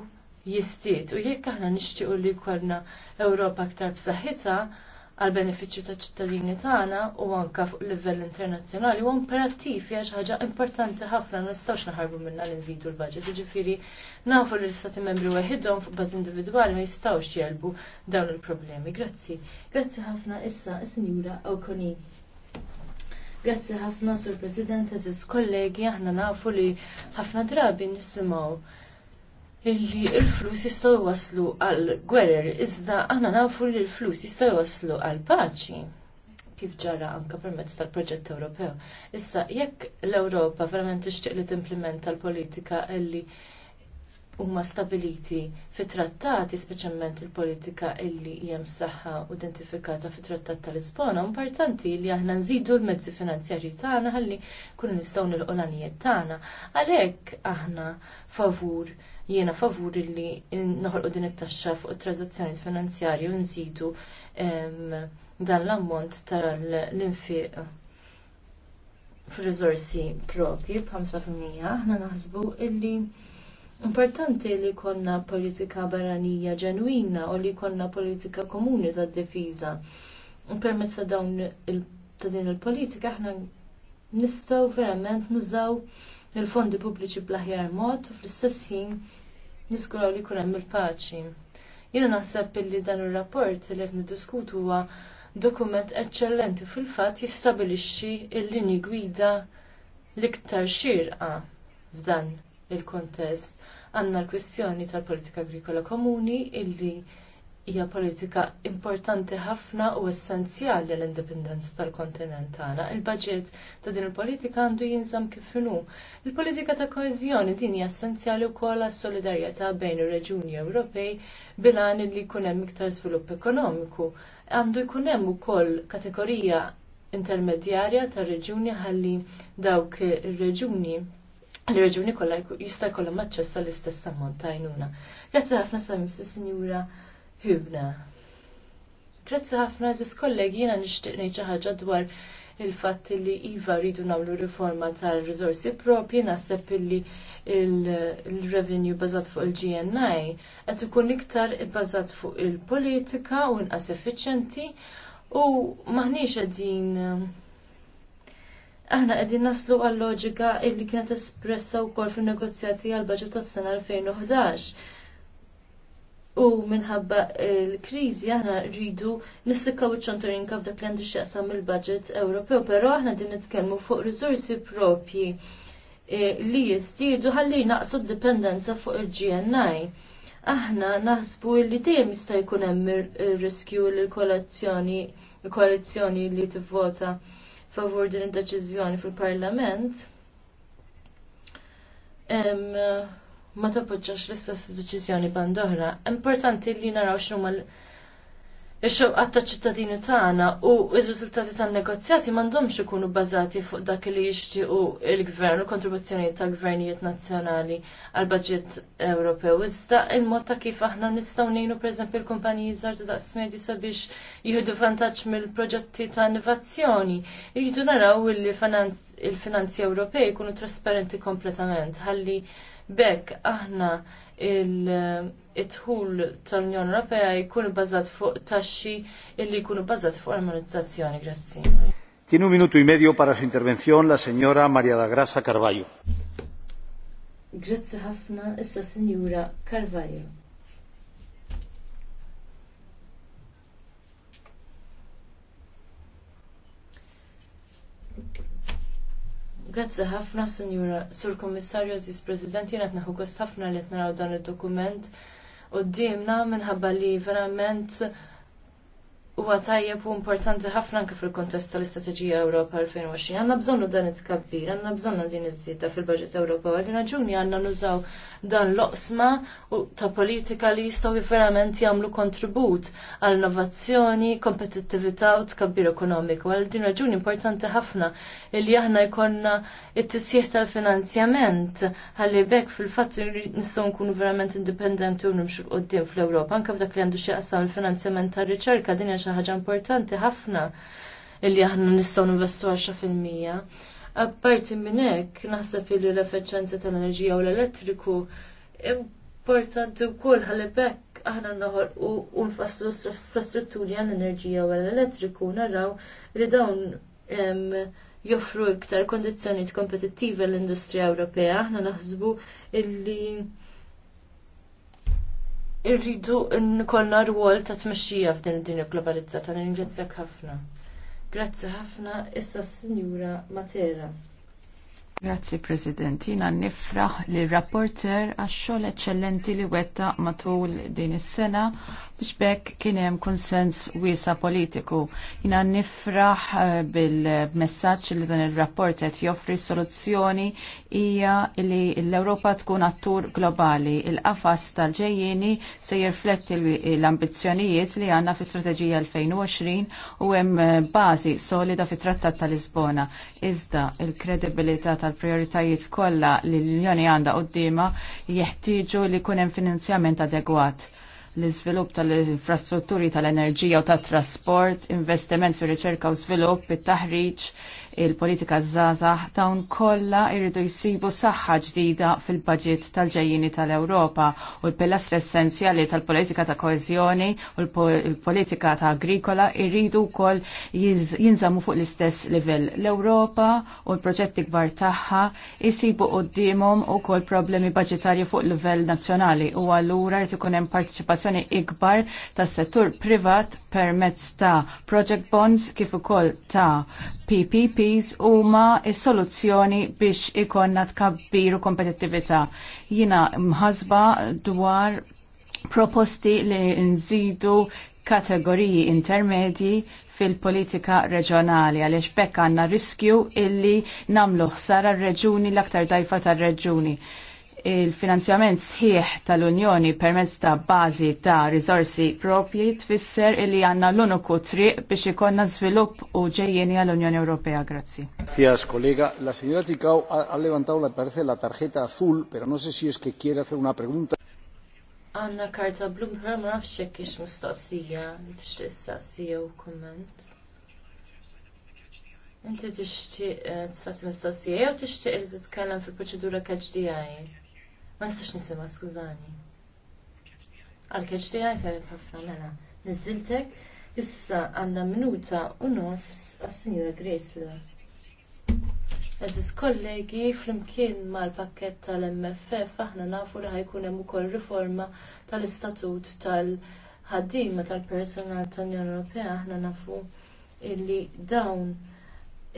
jistiet u jekk aħna nixtiequ li jkollna Ewropa aktar b'saħħitha għal benefiċċju taċ ċittadini tagħna u anke fuq livell internazzjonali u imperattiv għax ħaġa importanti ħafna ma nistgħux naħarbu minnha li nżidu l-budget. Jiġifieri nafu li l-istati membri waħedhom fuq baż individwali ma jistgħux jelbu dawn il-problemi. Grazzi. Grazzi ħafna issa is-Sinjura Awkoni. Grazzi ħafna sur President, eżis kollegi, aħna nafu li ħafna drabi nisimaw illi il-flus jistaw waslu għal gwerer, iżda aħna nafu li il-flus jistaw waslu għal paċi kif ġara anka permezz tal-proġett Ewropew. Issa, jekk l-Ewropa verament tixtieq li timplementa l-politika illi huma stabiliti fit-trattati, speċjalment il-politika illi hija msaħħa u identifikata fit-trattat tal-Lisbona, importanti li aħna nżidu l-mezzi finanzjarji tagħna ħalli kun nistgħu nil-qolanijiet tagħna. Għalhekk aħna favur jiena favur illi noħolqu din it-taxxa fuq it-transazzjoni finanzjarji u nżidu dan l-ammont tal-infiq f'riżorsi propri b'5%. Aħna naħsbu illi Importanti li konna politika barranija ġenwina u li konna politika komuni ta' difiża. Permessa dawn ta' din il-politika aħna nistgħu verament nużaw il-fondi pubbliċi bl-aħjar mod u fl-istess ħin niskuraw li jkun hemm il-paċi. Jiena naħseb li dan ir-rapport li qed diskutu huwa dokument eċċellenti fil-fatt jistabilixxi l-linji gwida l-iktar xirqa f'dan il-kontest. Għanna l-kwistjoni tal-politika agrikola komuni illi hija politika importanti ħafna u essenzjali l-indipendenza tal-kontinent tagħna. Il-baġġett ta' din il-politika għandu jinżamm kif inhu. Il-politika ta' koeżjoni din hija essenzjali wkoll għas-solidarjetà bejn ir-Reġuni Ewropej bilan li jkun hemm iktar żvilupp ekonomiku. Għandu jkun hemm ukoll kategorija intermedjarja tar reġuni ħalli dawk ir-reġuni li reġuni kollha jista' kolla aċċess l istess ammont ta' għajnuna. Grazzi ħafna s Sinjura Hübna. Grazzi ħafna eżis kollegi jiena nixtieq ngħid xi ħaġa dwar il fat li iva rridu nagħmlu riforma tal-riżorsi propji naħseb li il-revenue bażat fuq il-GNI qed ikun iktar bażat fuq il-politika u nqas effiċenti u maħniex qegħdin Aħna qegħdin naslu għal loġika li kienet espressa wkoll fin-negozjati għal baġit tas-sena 2011. U minħabba l-kriżi aħna rridu nissikkaw iċ-ċonturin kaf dak li għandu x'jaqsam il-budget Ewropew, però aħna din nitkellmu fuq riżorsi propji eh, li jistiedu ħalli naqsu d-dipendenza fuq il-GNI. Aħna naħsbu li dejjem jista' jkun hemm ir-riskju l-koalizzjoni li tivvota favor din id-deċiżjoni fil-Parlament ma tappoġġax l-istess deċiżjoni band oħra. Importanti li naraw x'huma ix-xewqat ta' ċittadini tagħna u r-riżultati tan-negozjati m'għandhomx ikunu bbażati fuq dak li jixtiequ il-gvern u kontribuzzjonijiet tal-gvernijiet nazzjonali għal budget Ewropew. Iżda il-mod ta' kif aħna nistgħu ngħinu pereżempju l-kumpaniji żgħar ta' daqs medju sabiex jihdu vantaġġ mill-proġetti ta' innovazzjoni. Irridu naraw li l-finanzi Ewropej jkunu trasparenti kompletament ħalli bekk aħna il-tħul tal-Unjoni Ewropea jkun bażat fuq taxxi illi jkunu bażat fuq armonizzazzjoni. Grazzi. Tiene un minuto y medio para su intervención la señora María da Grasa Carballo. Grazzi ħafna issa Signora Carvalho. Grazzi ħafna, Sinjura, Sur Kommissarju, Aziz President, jena naħu kost ħafna li naraw dan il-dokument u d-dimna minħabba li verament huwa tajjeb u importanti ħafna anke fil-kontest tal-Istrateġija Ewropa 2020. Għandna bżonnu dan it-tkabbir, għandna bżonnu din iż-żieda fil budget Ewropa u din ġuni għandna nużaw dan l-oqsma ta' politika li jistgħu verament jagħmlu kontribut għal innovazzjoni, kompetittività u tkabbir ekonomiku. Għal din raġuni importanti ħafna li aħna jkollna it-tisjieħ tal-finanzjament ħalli bekk fil-fatt nistgħu nkunu verament indipendenti u nimxu qudiem fl-Ewropa anke f'dak li għandu xi qasam il-finanzjament tar-riċerka din xi ħaġa importanti ħafna illi aħna nistgħu ninvestu 10%. Apparti minn hekk naħseb li l effiċjenza tal-enerġija u l-elettriku importanti wkoll ħalli bekk aħna noħol u nfasslu infrastrutturi għall enerġija u l-elettriku naraw li dawn joffru iktar kondizzjonijiet kompetittivi l-industrija Ewropea. Aħna naħsbu illi irridu nkollna rwol ta' tmexxija f'din id-dinja globalizzata. Ningrazzjak ħafna. Grazzi ħafna issa s Sinjura Matera. Grazzi President, jina nifraħ li rapporter għax xogħol eċċellenti li wetta matul din is-sena biex bekk kien hemm konsens wiesa politiku. Jina nifraħ eh, bil-messaġġ li dan ir-rapport qed joffri soluzzjoni hija li l-Ewropa tkun attur globali. Il-qafas tal ġejjini se jirfletti l-ambizzjonijiet li għandna fi strateġija 2020 u hemm eh, bażi solida fit-Trattat tal-Lisbona. Iżda il-kredibilità tal-prioritajiet kollha li l-Unjoni għandha qudiema jeħtieġu li jkun hemm finanzjament adegwat l-izvilupp tal-infrastrutturi tal-enerġija u tat-trasport, investiment fir riċerka u żvilupp, it-taħriġ, il-politika żgħażagħ dawn kollha jridu jsibu saħħa ġdida fil-budget tal-ġejjini tal-Ewropa u l-pilastri essenzjali tal-politika ta' koeżjoni u l-politika ta' agrikola jridu wkoll jinżammu fuq l-istess livell. L-Ewropa u l-proġetti kbar tagħha dimum u ukoll problemi budġetarji fuq livell nazzjonali u allura jrid ikun hemm partiċipazzjoni ikbar tas-settur privat permezz ta' project bonds kif ukoll ta' PPPs huma s-soluzzjoni biex ikonna tkabbir u kompetittività. Jina mħasba dwar proposti li nżidu kategoriji intermedji fil-politika reġjonali għaliex bekk għandna riskju illi namlu ħsara r-reġuni l-aktar dajfa tar-reġuni il-finanzjament sħiħ tal-Unjoni permezz ta' bażi ta' risorsi propji tfisser li għandna l unuku triq biex ikonna żvilupp u ġejjeni għall-Unjoni Ewropea. Grazzi. Gracias, kollega. La signora Ticao ha levantado la parece la tarjeta azul, pero no sé si es que quiere hacer una pregunta. Anna karta blu ma nafx hekk ix mistoqsija, tixtieq u kumment. Inti tixtieq eh, tistaqsi mistoqsija jew tixtieq li titkellem fil-proċedura kaġ DI? Ma jistax nisimha skużani. Għal-keċ ti għajta ħafna mela. Nizziltek, issa għandna minuta u nofs għas-Sinjura Grace. Eżis kollegi, flimkien mal-pakket tal-MFF, aħna nafu li ħajkun hemm ukoll riforma tal-istatut tal ħaddim tal-personal tal-Unjoni Ewropea, aħna nafu illi dawn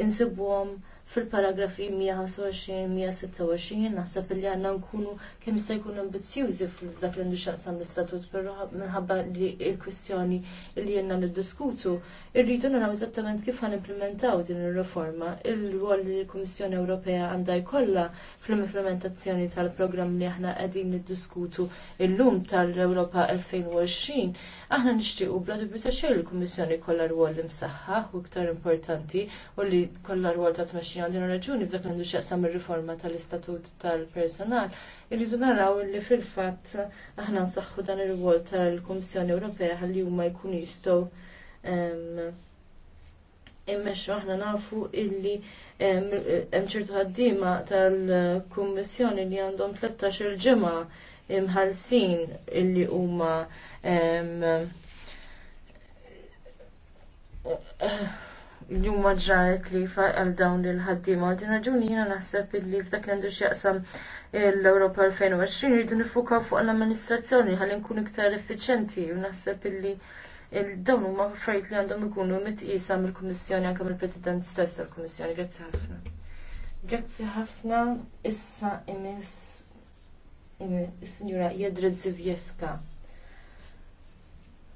insibuhom fil-paragrafi 125-126 naħseb li għanna nkunu kemm jista' jkun ambizzjużi f'dak li għandu xaqsam l-istatut, però minħabba li l-kwistjoni li jenna niddiskutu, irridu naraw eżattament kif għan implementaw din ir-reforma. Il-rwol li l-Kummissjoni Ewropea għandha jkollha fl-implementazzjoni tal-programm li aħna qegħdin niddiskutu lum tal-Ewropa 2020 Aħna nixtiequ bla bladu bita xejn il-Kummissjoni kollha rwol li msaħħa u iktar importanti u li kollha rwol ta' tmexxija għandin raġuni f'dak li għandu x'jaqsam ir-riforma tal-istatut tal-personal irridu naraw li fil-fatt aħna nsaħħu dan ir-rwol tal-Kummissjoni Ewropea ħalli huma jkun jistgħu immexxu aħna nafu illi hemm ċertu ħaddiema tal-Kummissjoni li għandhom 13-il ġimgħa imħalsin illi huma l-jum li għal dawn il ħaddim Għadin raġuni jina naħseb li f'dak li għandu xieqsam l-Europa 2020 rridu nifukaw fuq l-amministrazzjoni ħalli nkun iktar effiċenti u naħseb illi dawn huma frajt li għandhom ikunu mitqisa il kummissjoni anke mill-President stess tal komissjoni Grazzi ħafna. Grazzi ħafna issa imiss Signora Jedred Zivjeska.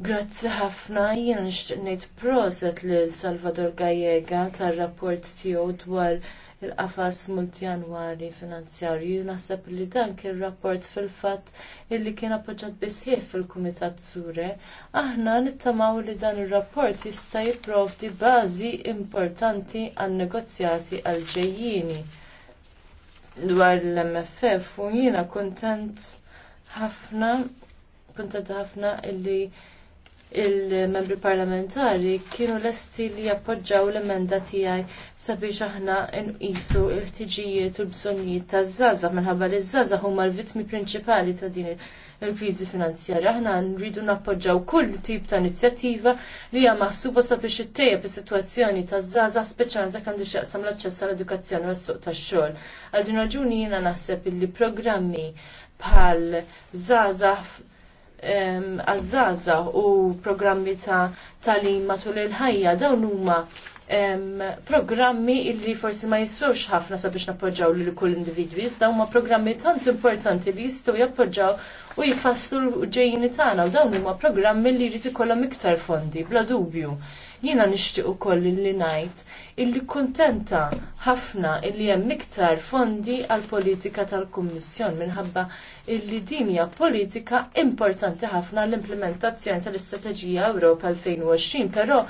Grazzi ħafna, jien nixtieq ngħid proset li Salvador Gallega tar-rapport tiegħu dwar il-qafas multjanwari finanzjarju. Naħseb li dan kien rapport fil-fatt illi kien appoġġat bisħieħ fil-Kumitat Sure. Aħna nittamaw li dan ir-rapport jista' jipprovdi bażi importanti għan negozjati għal ġejjini dwar l-MFF u jiena kontent ħafna kontent ħafna illi il-membri parlamentari kienu lesti li jappoġġaw l-emenda tiegħi sabiex aħna nqisu l-ħtiġijiet u l-bżonnijiet taż-żaża minħabba li ż huma l-vittmi prinċipali ta' din il- il-kriżi finanzjarja. Aħna nridu nappoġġaw kull tip ta' inizjattiva li hija maħsuba sabiex ittejjeb is-sitwazzjoni ta' żgħażagħ speċjalment dak għandu x'jaqsam l-aċċess għall-edukazzjoni u s-suq tax-xogħol. Għal din raġuni jiena naħseb illi programmi bħal żgħażagħ għaż-żgħażagħ u programmi ta' tagħlim matul il-ħajja dawn huma programmi illi forsi ma jiswewx ħafna sabiex nappoġġaw lil kull individwi, iżda huma programmi tant importanti li jistgħu jappoġġaw u jifassu l-ġejjini tagħna u dawn huma programmi li jrid ikollhom iktar fondi, bla dubju. Jiena nixtieq ukoll li ngħid illi kuntenta ħafna illi hemm iktar fondi għal politika tal-Kummissjon minħabba illi din hija politika importanti ħafna l-implementazzjoni tal-Istrateġija Ewropa 2020, però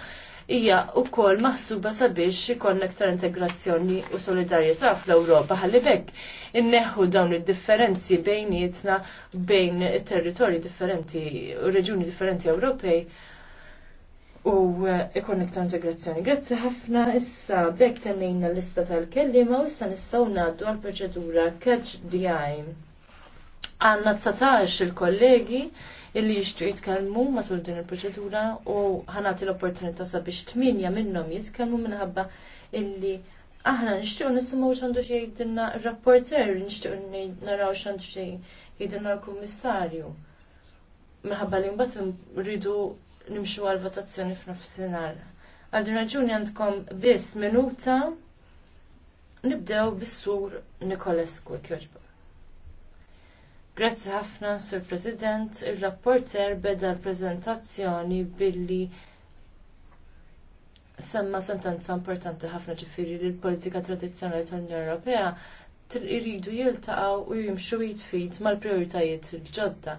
hija wkoll maħsuba sabiex ikon aktar integrazzjoni u solidarjetà fl-Ewropa ħalli bekk inneħħu dawn id-differenzi bejnietna bejn territorji differenti u reġuni differenti Ewropej u eh, ikon aktar integrazzjoni. Grazzi ħafna issa bekk temmejna l-lista tal-kellima u issa nistgħu ngħaddu għall-proċedura catch DI. Għandna 19 il-kollegi illi jixtu jitkellmu matul din il-proċedura u ħanati l-opportunità sabiex tminja minnhom jitkellmu minħabba illi aħna nixtiequ nisimgħu x'għandu xi jgħidilna r-rapporter, nixtiequ naraw x'għandu xi jgħidilna l-kummissarju. Minħabba li mbagħad rridu nimxu għal-votazzjoni f'nofsinhar. Għal din raġuni għandkom biss minuta nibdew bis-sur Nikolescu kjoġba. Grazzi ħafna, Sur President. Il-rapporter beda l-prezentazzjoni billi semma sentenza importanti ħafna ġifiri li l-politika tradizzjonali tal-Unjoni Ewropea irridu jiltaqgħu u jimxu jitfid mal-prioritajiet il-ġodda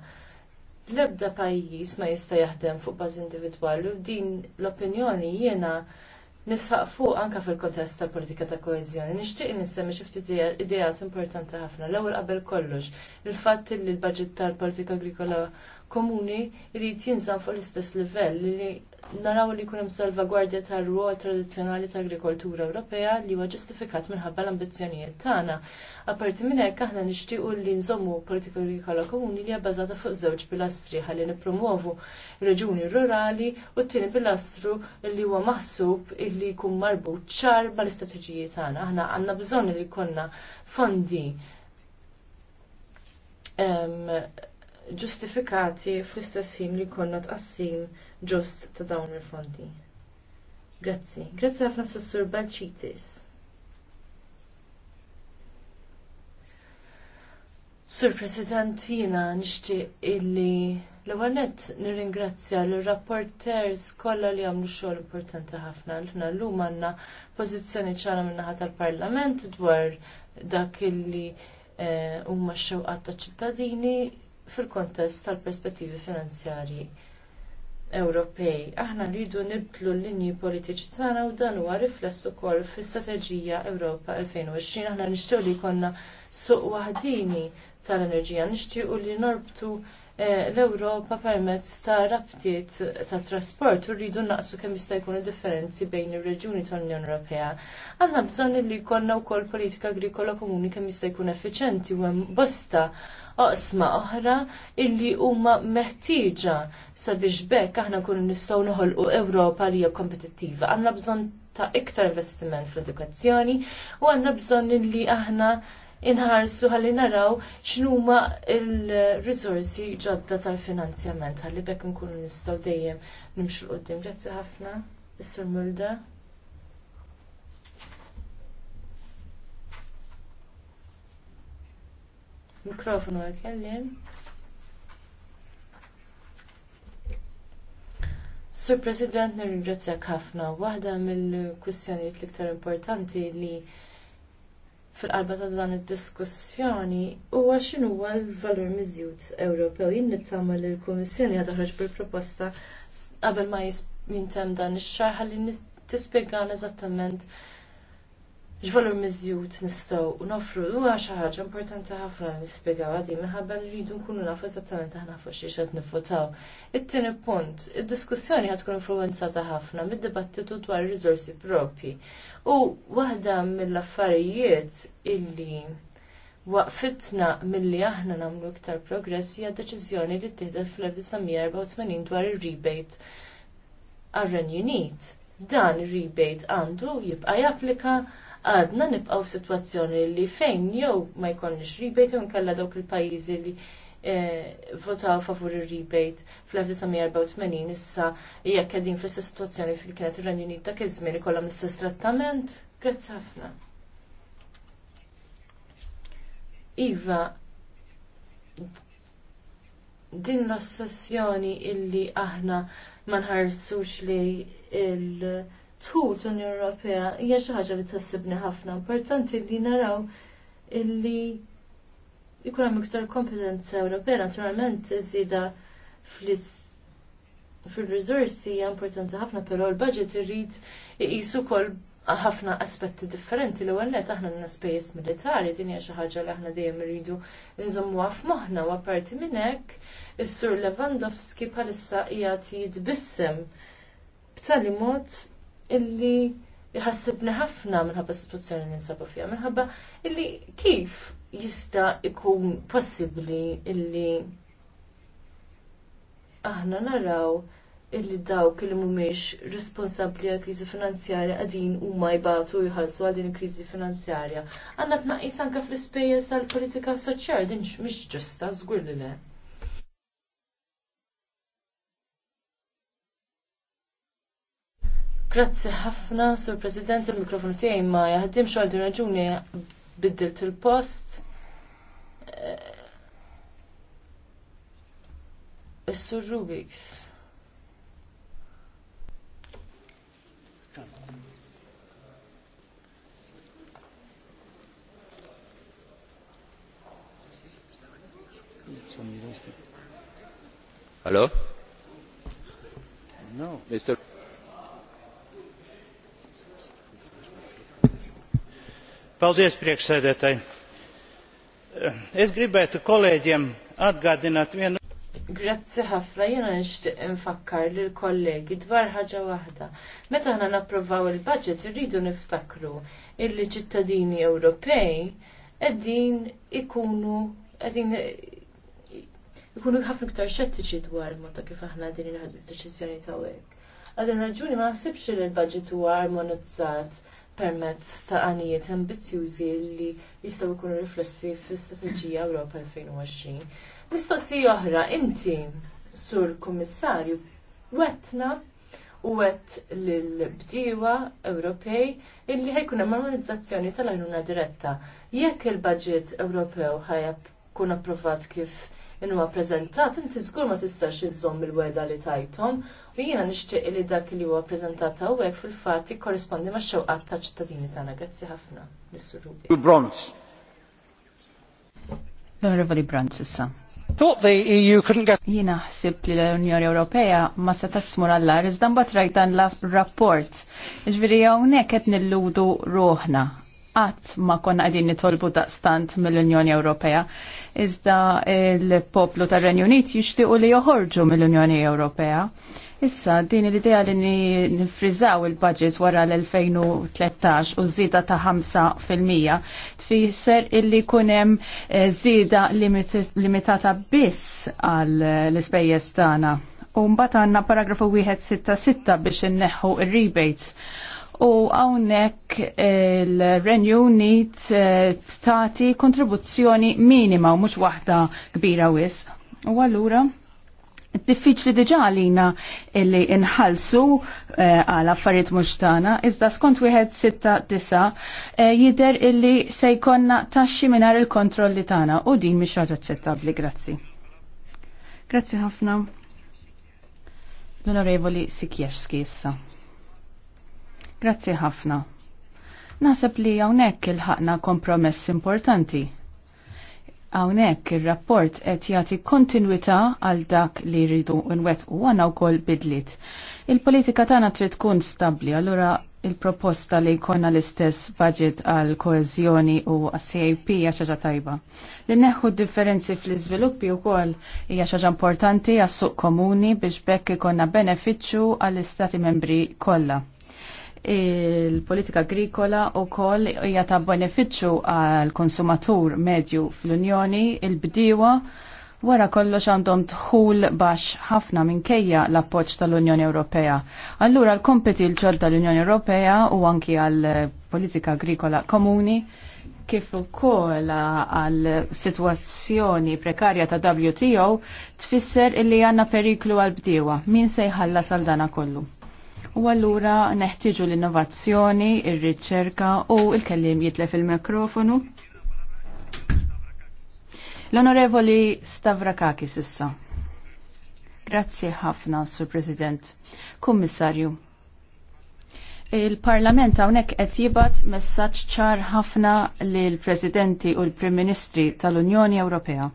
l-ebda pajjiż ma jista' jaħdem fuq baż individwali u din l-opinjoni jiena nisħaq fuq anka fil-kontest tal-politika ta' koezjoni. Nixtieq nissemmi xi ftit ideat importanti ħafna. L-ewwel qabel kollox, il-fatt li l-baġit tal-politika agrikola komuni jrid jinżamm fuq l-istess livell li naraw li kunem salvagwardja tar ruol tradizjonali ta' agrikoltura Ewropea li huwa ġustifikat minħabba l-ambizzjonijiet tagħna. Apparti minn hekk aħna nixtiequ li nżommu politika agrikola komuni li hija bbażata fuq żewġ pilastri ħalli nippromuovu reġuni rurali u t-tieni pilastru li huwa maħsub li jkun marbut ċar mal-istrateġiji tagħna. Aħna għandna bżonn li jkollna fondi ehm, ġustifikati fl-istess li jkollna tqassim ġust ta' dawn il-fondi. Grazzi. Grazzi ħafna s-sur Balċitis. Sur President, jina nishti illi l-għanet nir-ingrazzja l-rapporters kolla li għamlu xogħol importanti ħafna l-ħna l-lum għanna pozizjoni ċara minnaħat tal-parlament dwar dak illi eh, huma xewqat ta' ċittadini fil-kontest tal-perspettivi finanzjarji Ewropej. Aħna rridu nibdlu l-linji politiċi tagħna u dan huwa rifless ukoll fis-Strateġija Ewropa 2020. Aħna nixtiew li jkollna suq waħdini tal-enerġija, nixtiequ li norbtu eh, l-Ewropa permezz ta' rabtiet ta' trasport u rridu naqsu kemm jista' jkun differenzi bejn ir-reġuni tal-Unjoni Ewropea. Għandna bżonn li jkollna wkoll politika agrikola komuni kemm jista' jkun effiċjenti u hemm bosta oqsma oħra illi huma meħtieġa sabiex bekk aħna nkunu nistgħu noħolqu Ewropa li hija kompetittiva. Għandna bżonn ta' iktar investiment fl-edukazzjoni u għandna bżonn illi aħna inħarsu ħalli naraw x'numa il-risorsi ġodda tal-finanzjament ħalli bekk nkunu nistgħu dejjem nimxu l-qudiem. Grazzi ħafna, Is-Sur Mulda. Mikrofonu għal-kellim. Sur President, nirringrazzjak ħafna. Waħda mill-kwistjonijiet l-iktar importanti li fil-qalba ta' dan id-diskussjoni huwa x'inhu huwa l-valur miżjud Ewropew. Jien nittama li l komissjoni ħad bil-proposta qabel ma jintem dan ix-xahar li tispjegana eżattament ġvalur miżjud nistgħu nofru huwa xi ħaġa importanti ħafna li għadim għadi minħabba rridu nkunu nafu eżattament aħna fuq xi għad nifotaw. It-tieni punt, id-diskussjoni għad tkun influenzata ħafna mid-dibattitu dwar ir-rizorsi propi. U waħda mill-affarijiet illi waqfitna milli aħna nagħmlu iktar progress hija deċiżjoni li ttieħdet fl-1984 dwar ir-rebate għar-Renju Unit. Dan ir-rebate għandu jibqa' japplika għadna nibqaw f'sitwazzjoni li fejn jew ma jkollniex rebate jew nkella dawk il-pajjiżi li eh, votaw favur il-rebate fl-1984 issa hija qegħdin fl-istess sitwazzjoni fil kienet ir-Renju Unit dak iż-żmien ikollhom l-istess trattament. Grazzi ħafna. Iva, din l-ossessjoni illi aħna ma nħarsux li il- tul l-Unjoni Ewropea hija xi ħaġa li tassibni ħafna. Importanti li naraw illi ikun hemm iktar kompetenza Ewropea naturalment iżida fil-riżorsi hija importanti ħafna, però l-budget irrid iqisu wkoll ħafna aspetti differenti li għallet aħna għandna spejjeż militari din hija xi ħaġa li aħna dejjem irridu nżommuha f'moħħna u apparti minn hekk is-Sur Lewandowski bħalissa qiegħed jitbissem b'tali mod illi jħassibni ħafna minħabba situazzjoni li nsabu fija, minħabba illi kif jista' ikun possibbli illi aħna naraw illi dawk li mhumiex responsabbli għal kriżi finanzjarja qegħdin huma jbagħtu jħallsu għal din il-kriżi finanzjarja. t tnaqqis anke fl-ispejjeż għall politika soċjali din mhix ġusta zgur li le. Grazzi ħafna, Sur President, il-mikrofonu tiegħi ma jaħdim xogħol din raġuni biddilt il-post. Is-Sur eh, Rubiks. Hello? No. Mr. Paldies, priekšsēdētāji. Es gribētu kolēģiem atgādināt vienu. Grazzi ħafna, jena nixtieq infakkar lil kollegi dwar ħaġa waħda. Meta ħna napprovaw il-budget irridu niftakru illi ċittadini Ewropej qegħdin ikunu qegħdin ikunu ħafna iktar xettiċi dwar mod kif aħna din il-deċiżjoni ta' hekk. Għadin raġuni ma naħsibx li budget budget huwa armonizzat permezz ta' għanijiet ambizjużi li jistgħu jkunu riflessi fl-Istrateġija Ewropa 2020. Mistoqsija oħra, inti sur kummissarju wetna u wet l-bdiewa Ewropej illi ħajkun hemm armonizzazzjoni tal-għajnuna diretta. Jekk il-budget Ewropew ħajab kun approvat kif inhu ppreżentat, inti żgur ma tistax iżżomm il-weda li tajtom, u jiena nixtieq li dak li huwa ppreżentat hawnhekk fil-fatt jikkorrispondi ma xewqat ta' ċittadini tagħna. Grazzi ħafna, Mr. Rubi. Bronz. L-Onorevoli Brands issa. Thought the EU couldn't get... Jina ħsib li l-Unjoni Ewropea ma setax smur għallar, iżdan batrajt dan l-rapport. Ġviri għonek qed nilludu ruħna. Għat ma konna għedin nitolbu daqstant mill-Unjoni Ewropea iżda il-poplu tar renju Unit jixtiequ li joħorġu mill-Unjoni Ewropea. Issa, din l-idea li nifrizaw il-budget wara l-2013 u zida ta' 5% tfisser illi kunem zida eh, limitata biss għal l-ispejjeż tagħna. U mbagħad għandna paragrafu 166 biex inneħħu ir-rebates u għawnek il-Renew eh, t tati kontribuzzjoni minima u mux wahda kbira wis. U għallura, diffiċli diġa għalina illi inħalsu eh, għal eh, affarijiet mhux tagħna, iżda skont wieħed sitta disa jider eh, jidher illi se jkollna taxxi mingħajr il-kontrolli tagħna u din mhix ħaġa aċċettabbli, grazzi. Grazzi ħafna. L-Onorevoli Sikjerski issa. Grazzi ħafna. Nasab li hawnhekk il-ħakna kompromess importanti. Hawnhekk ir-rapport qed jagħti kontinwità għal dak li jridu nwettqu għandna wkoll bidliet. Il-politika tagħna trid tkun stabbli, allura il-proposta li jkollna l-istess budget għal koezjoni u CAP hija xaġa tajba. Li neħu differenzi fl-iżviluppi wkoll hija xaġa importanti għas suq komuni biex bekk ikonna benefiċċju għall-istati membri kollha il-politika agrikola u koll hija ta' beneficju għal konsumatur medju fl-Unjoni, il-bdiewa wara kollox għandhom tħul baxx ħafna minkejja l-appoġġ tal-Unjoni Ewropea. Allura l-kompeti l-ġodda l-Unjoni Ewropea u anki għal politika agrikola komuni kif ukoll għal situazzjoni prekarja ta' WTO tfisser illi għanna periklu għal bdiewa. Min se jħallas għal dana kollu? U allura neħtieġu l-innovazzjoni, il riċerka u l-kellim jitlef il-mikrofonu. L-Onorevoli Stavrakakis issa. Grazzi ħafna, Sur President. Kummissarju, Il-Parlament hawnhekk qed jibgħat messaġġ ċar ħafna l Presidenti u l-Prim Ministri tal-Unjoni Ewropea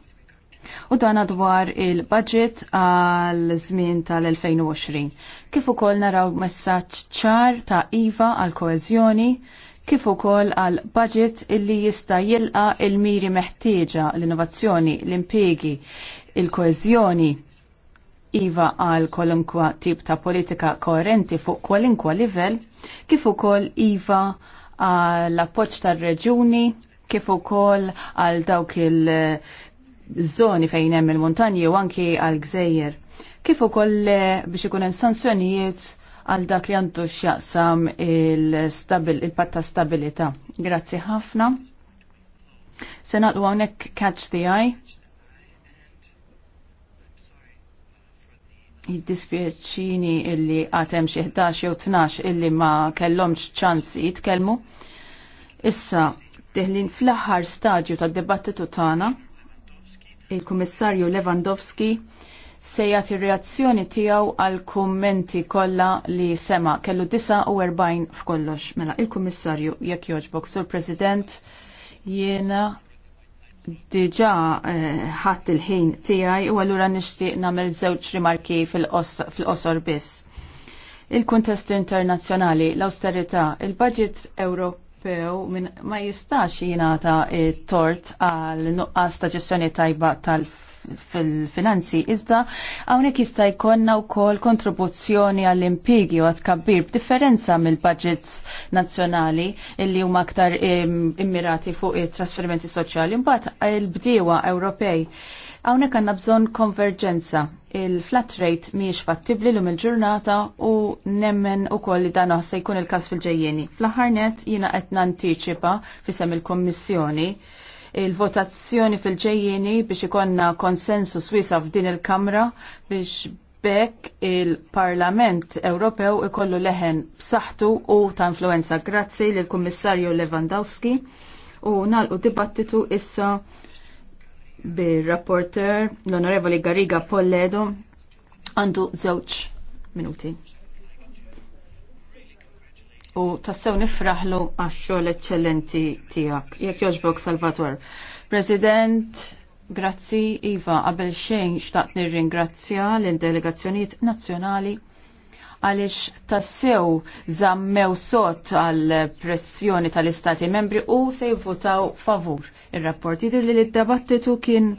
u dan dwar il-budget għal żmien tal-2020. Kif ukoll naraw messaġġ ċar ta' IVA għal koeżjoni kif ukoll għal budget illi jista' jilqa il-miri meħtieġa l-innovazzjoni, l-impjegi, il koezjoni iva għal kwalunkwa tip ta' politika koerenti fuq kwalinkwa livell, kif ukoll iva għal appoġġ tar-reġuni, kif ukoll għal dawk il- zoni fejn hemm il-montanji u anki għal gżejjer. Kif ukoll eh, biex ikun hemm sanzjonijiet għal dak li għandu x'jaqsam il-patta il stabilità. Grazzi ħafna. Se naqlu hawnhekk catch the eye. Jiddispjaċini illi għatem xi 11 jew 12 illi ma kellhomx ċans jitkellmu. Issa, teħlin fl-aħħar stadju tad-dibattitu tagħna il-Kummissarju Lewandowski se jagħti reazzjoni tiegħu għal kummenti kollha li sema kellu 49 f'kollox. Mela il-Kummissarju jekk jogħġbok sur President jiena diġa eh, ħadd il-ħin tiegħi u allura nixtieq nagħmel żewġ rimarki fil-qosor biss. Il-kuntest internazzjonali, l-austerità, il-budget Ewropew min ma jistax jingħata tort għal nuqqas ta' ġestjoni tajba tal- fil-finanzi, iżda hawnhekk jista' jkollna wkoll kontribuzzjoni għall impigi u għad kabbir b'differenza mill-budgets nazzjonali illi huma aktar immirati fuq it-trasferimenti soċjali. Mbagħad il-bdiewa Ewropej Hawnhekk għandna bżonn konverġenza. Il-flat rate mhijiex fattibli lum il-ġurnata u nemmen ukoll li dan se jkun il-każ fil-ġejjeni. Fl-aħħar jina jiena qed nantiċipa fisem il-Kommissjoni il-votazzjoni fil-ġejjeni biex ikonna konsensus wiesa f'din il-Kamra biex bekk il-Parlament Ewropew ikollu leħen b'saħħtu u ta' influenza. Grazzi lill kummissarju Lewandowski u nalqu dibattitu issa bil-rapporter l-Onorevoli Gariga Polledo għandu żewġ minuti. U tassew nifraħlu għax-xogħol eċċellenti tiegħek. Jekk jogħġbok Salvator. President, grazzi Iva qabel xejn xtaqt nirringrazzja l-delegazzjonijiet nazzjonali għalix tassew zammew sot għal pressjoni tal-istati membri u se jivvotaw favur ir-rapport. jidhir li d-dibattitu kien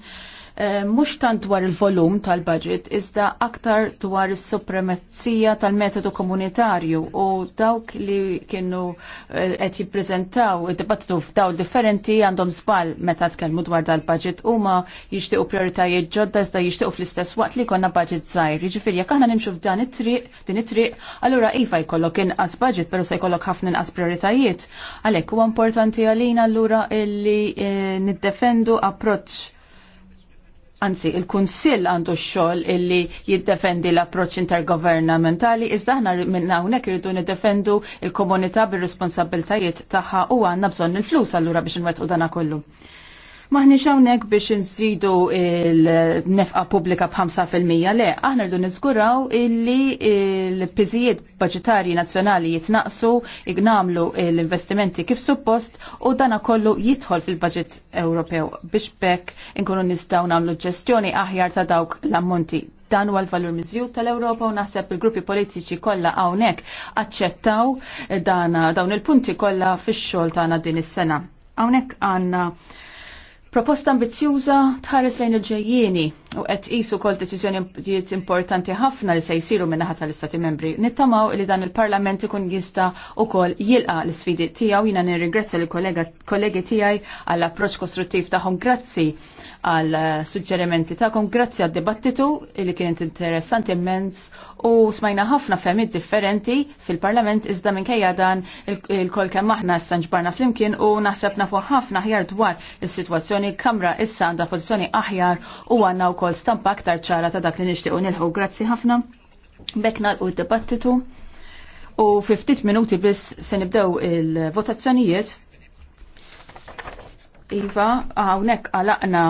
Eh, mhux tant dwar il-volum tal-budget iżda aktar dwar is-supremazzija tal-metodu komunitarju u dawk li kienu eh, qed jippreżentaw id-dibattitu f'dawl differenti għandhom żball meta tkellmu dwar dal-budget huma jixtiequ prioritajiet ġodda iżda jixtiequ fl-istess waqt li jkollna budget żgħir. Jiġifieri jekk aħna nimxu f'dan it-triq din it-triq, allura iva jkollok inqas budget però se jkollok ħafna inqas prioritajiet. Għalhekk huwa importanti għalina allura illi eh, niddefendu approċċ anzi il-Kunsill għandu x-xogħol illi jiddefendi l-approċċ intergovernamentali iżda aħna minn hawnhekk irridu niddefendu l komunità bir-responsabiltajiet tagħha u għandna bżonn il-flus allura biex nwettqu dana kollu. Maħniex hawnhekk biex inżidu il-nefqa pubblika b'5% le, aħna rridu niżguraw illi l-piżijiet budġetarji nazzjonali jitnaqsu, ignamlu l-investimenti kif suppost u dana kollu jidħol fil-budget Ewropew biex bekk inkunu nistgħu nagħmlu ġestjoni aħjar ta' dawk l-ammonti dan huwa l-valur miżjud tal-Ewropa u naħseb il-gruppi politiċi kollha hawnhekk aċċettaw dawn il-punti kollha fix-xogħol tagħna din is-sena. Hawnhekk għandna Proposta ambizjuża tħares lejn il-ġejjieni u qed qisu kol deċiżjonijiet importanti ħafna li se jsiru min-naħa tal-Istati Membri. Nittamaw li dan il-Parlament ikun jista' wkoll jilqa l-isfidi tiegħu jiena nirringrazzja l kollega kollegi tiegħi għall approċċ kostruttiv tagħhom grazzi għal suġġerimenti ta'kom. Grazzi għad dibattitu li kienet interessanti immens u smajna ħafna femmit differenti fil-parlament iżda minkejja dan il-kol kemm aħna sanġbarna fl flimkien u naħseb nafu ħafna ħjar dwar is-sitwazzjoni kamra issa għandha pożizzjoni aħjar u għandna wkoll stampa aktar ċara ta' dak li nixtiequ nilħu. Grazzi ħafna. Bekna u dibattitu u 50 minuti biss se nibdew il-votazzjonijiet Iva, għawnek għalaqna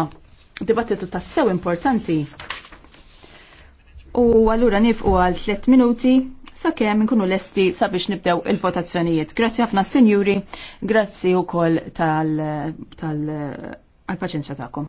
dibattitu tassew importanti. U allura nifqu għal 3 minuti sakemm minkunu lesti sabiex nibdew il-votazzjonijiet. Grazzi ħafna sinjuri, grazzi wkoll tal-paċenzja tal, tal, tal, tal, tal, tal, tal, tal, tal, tal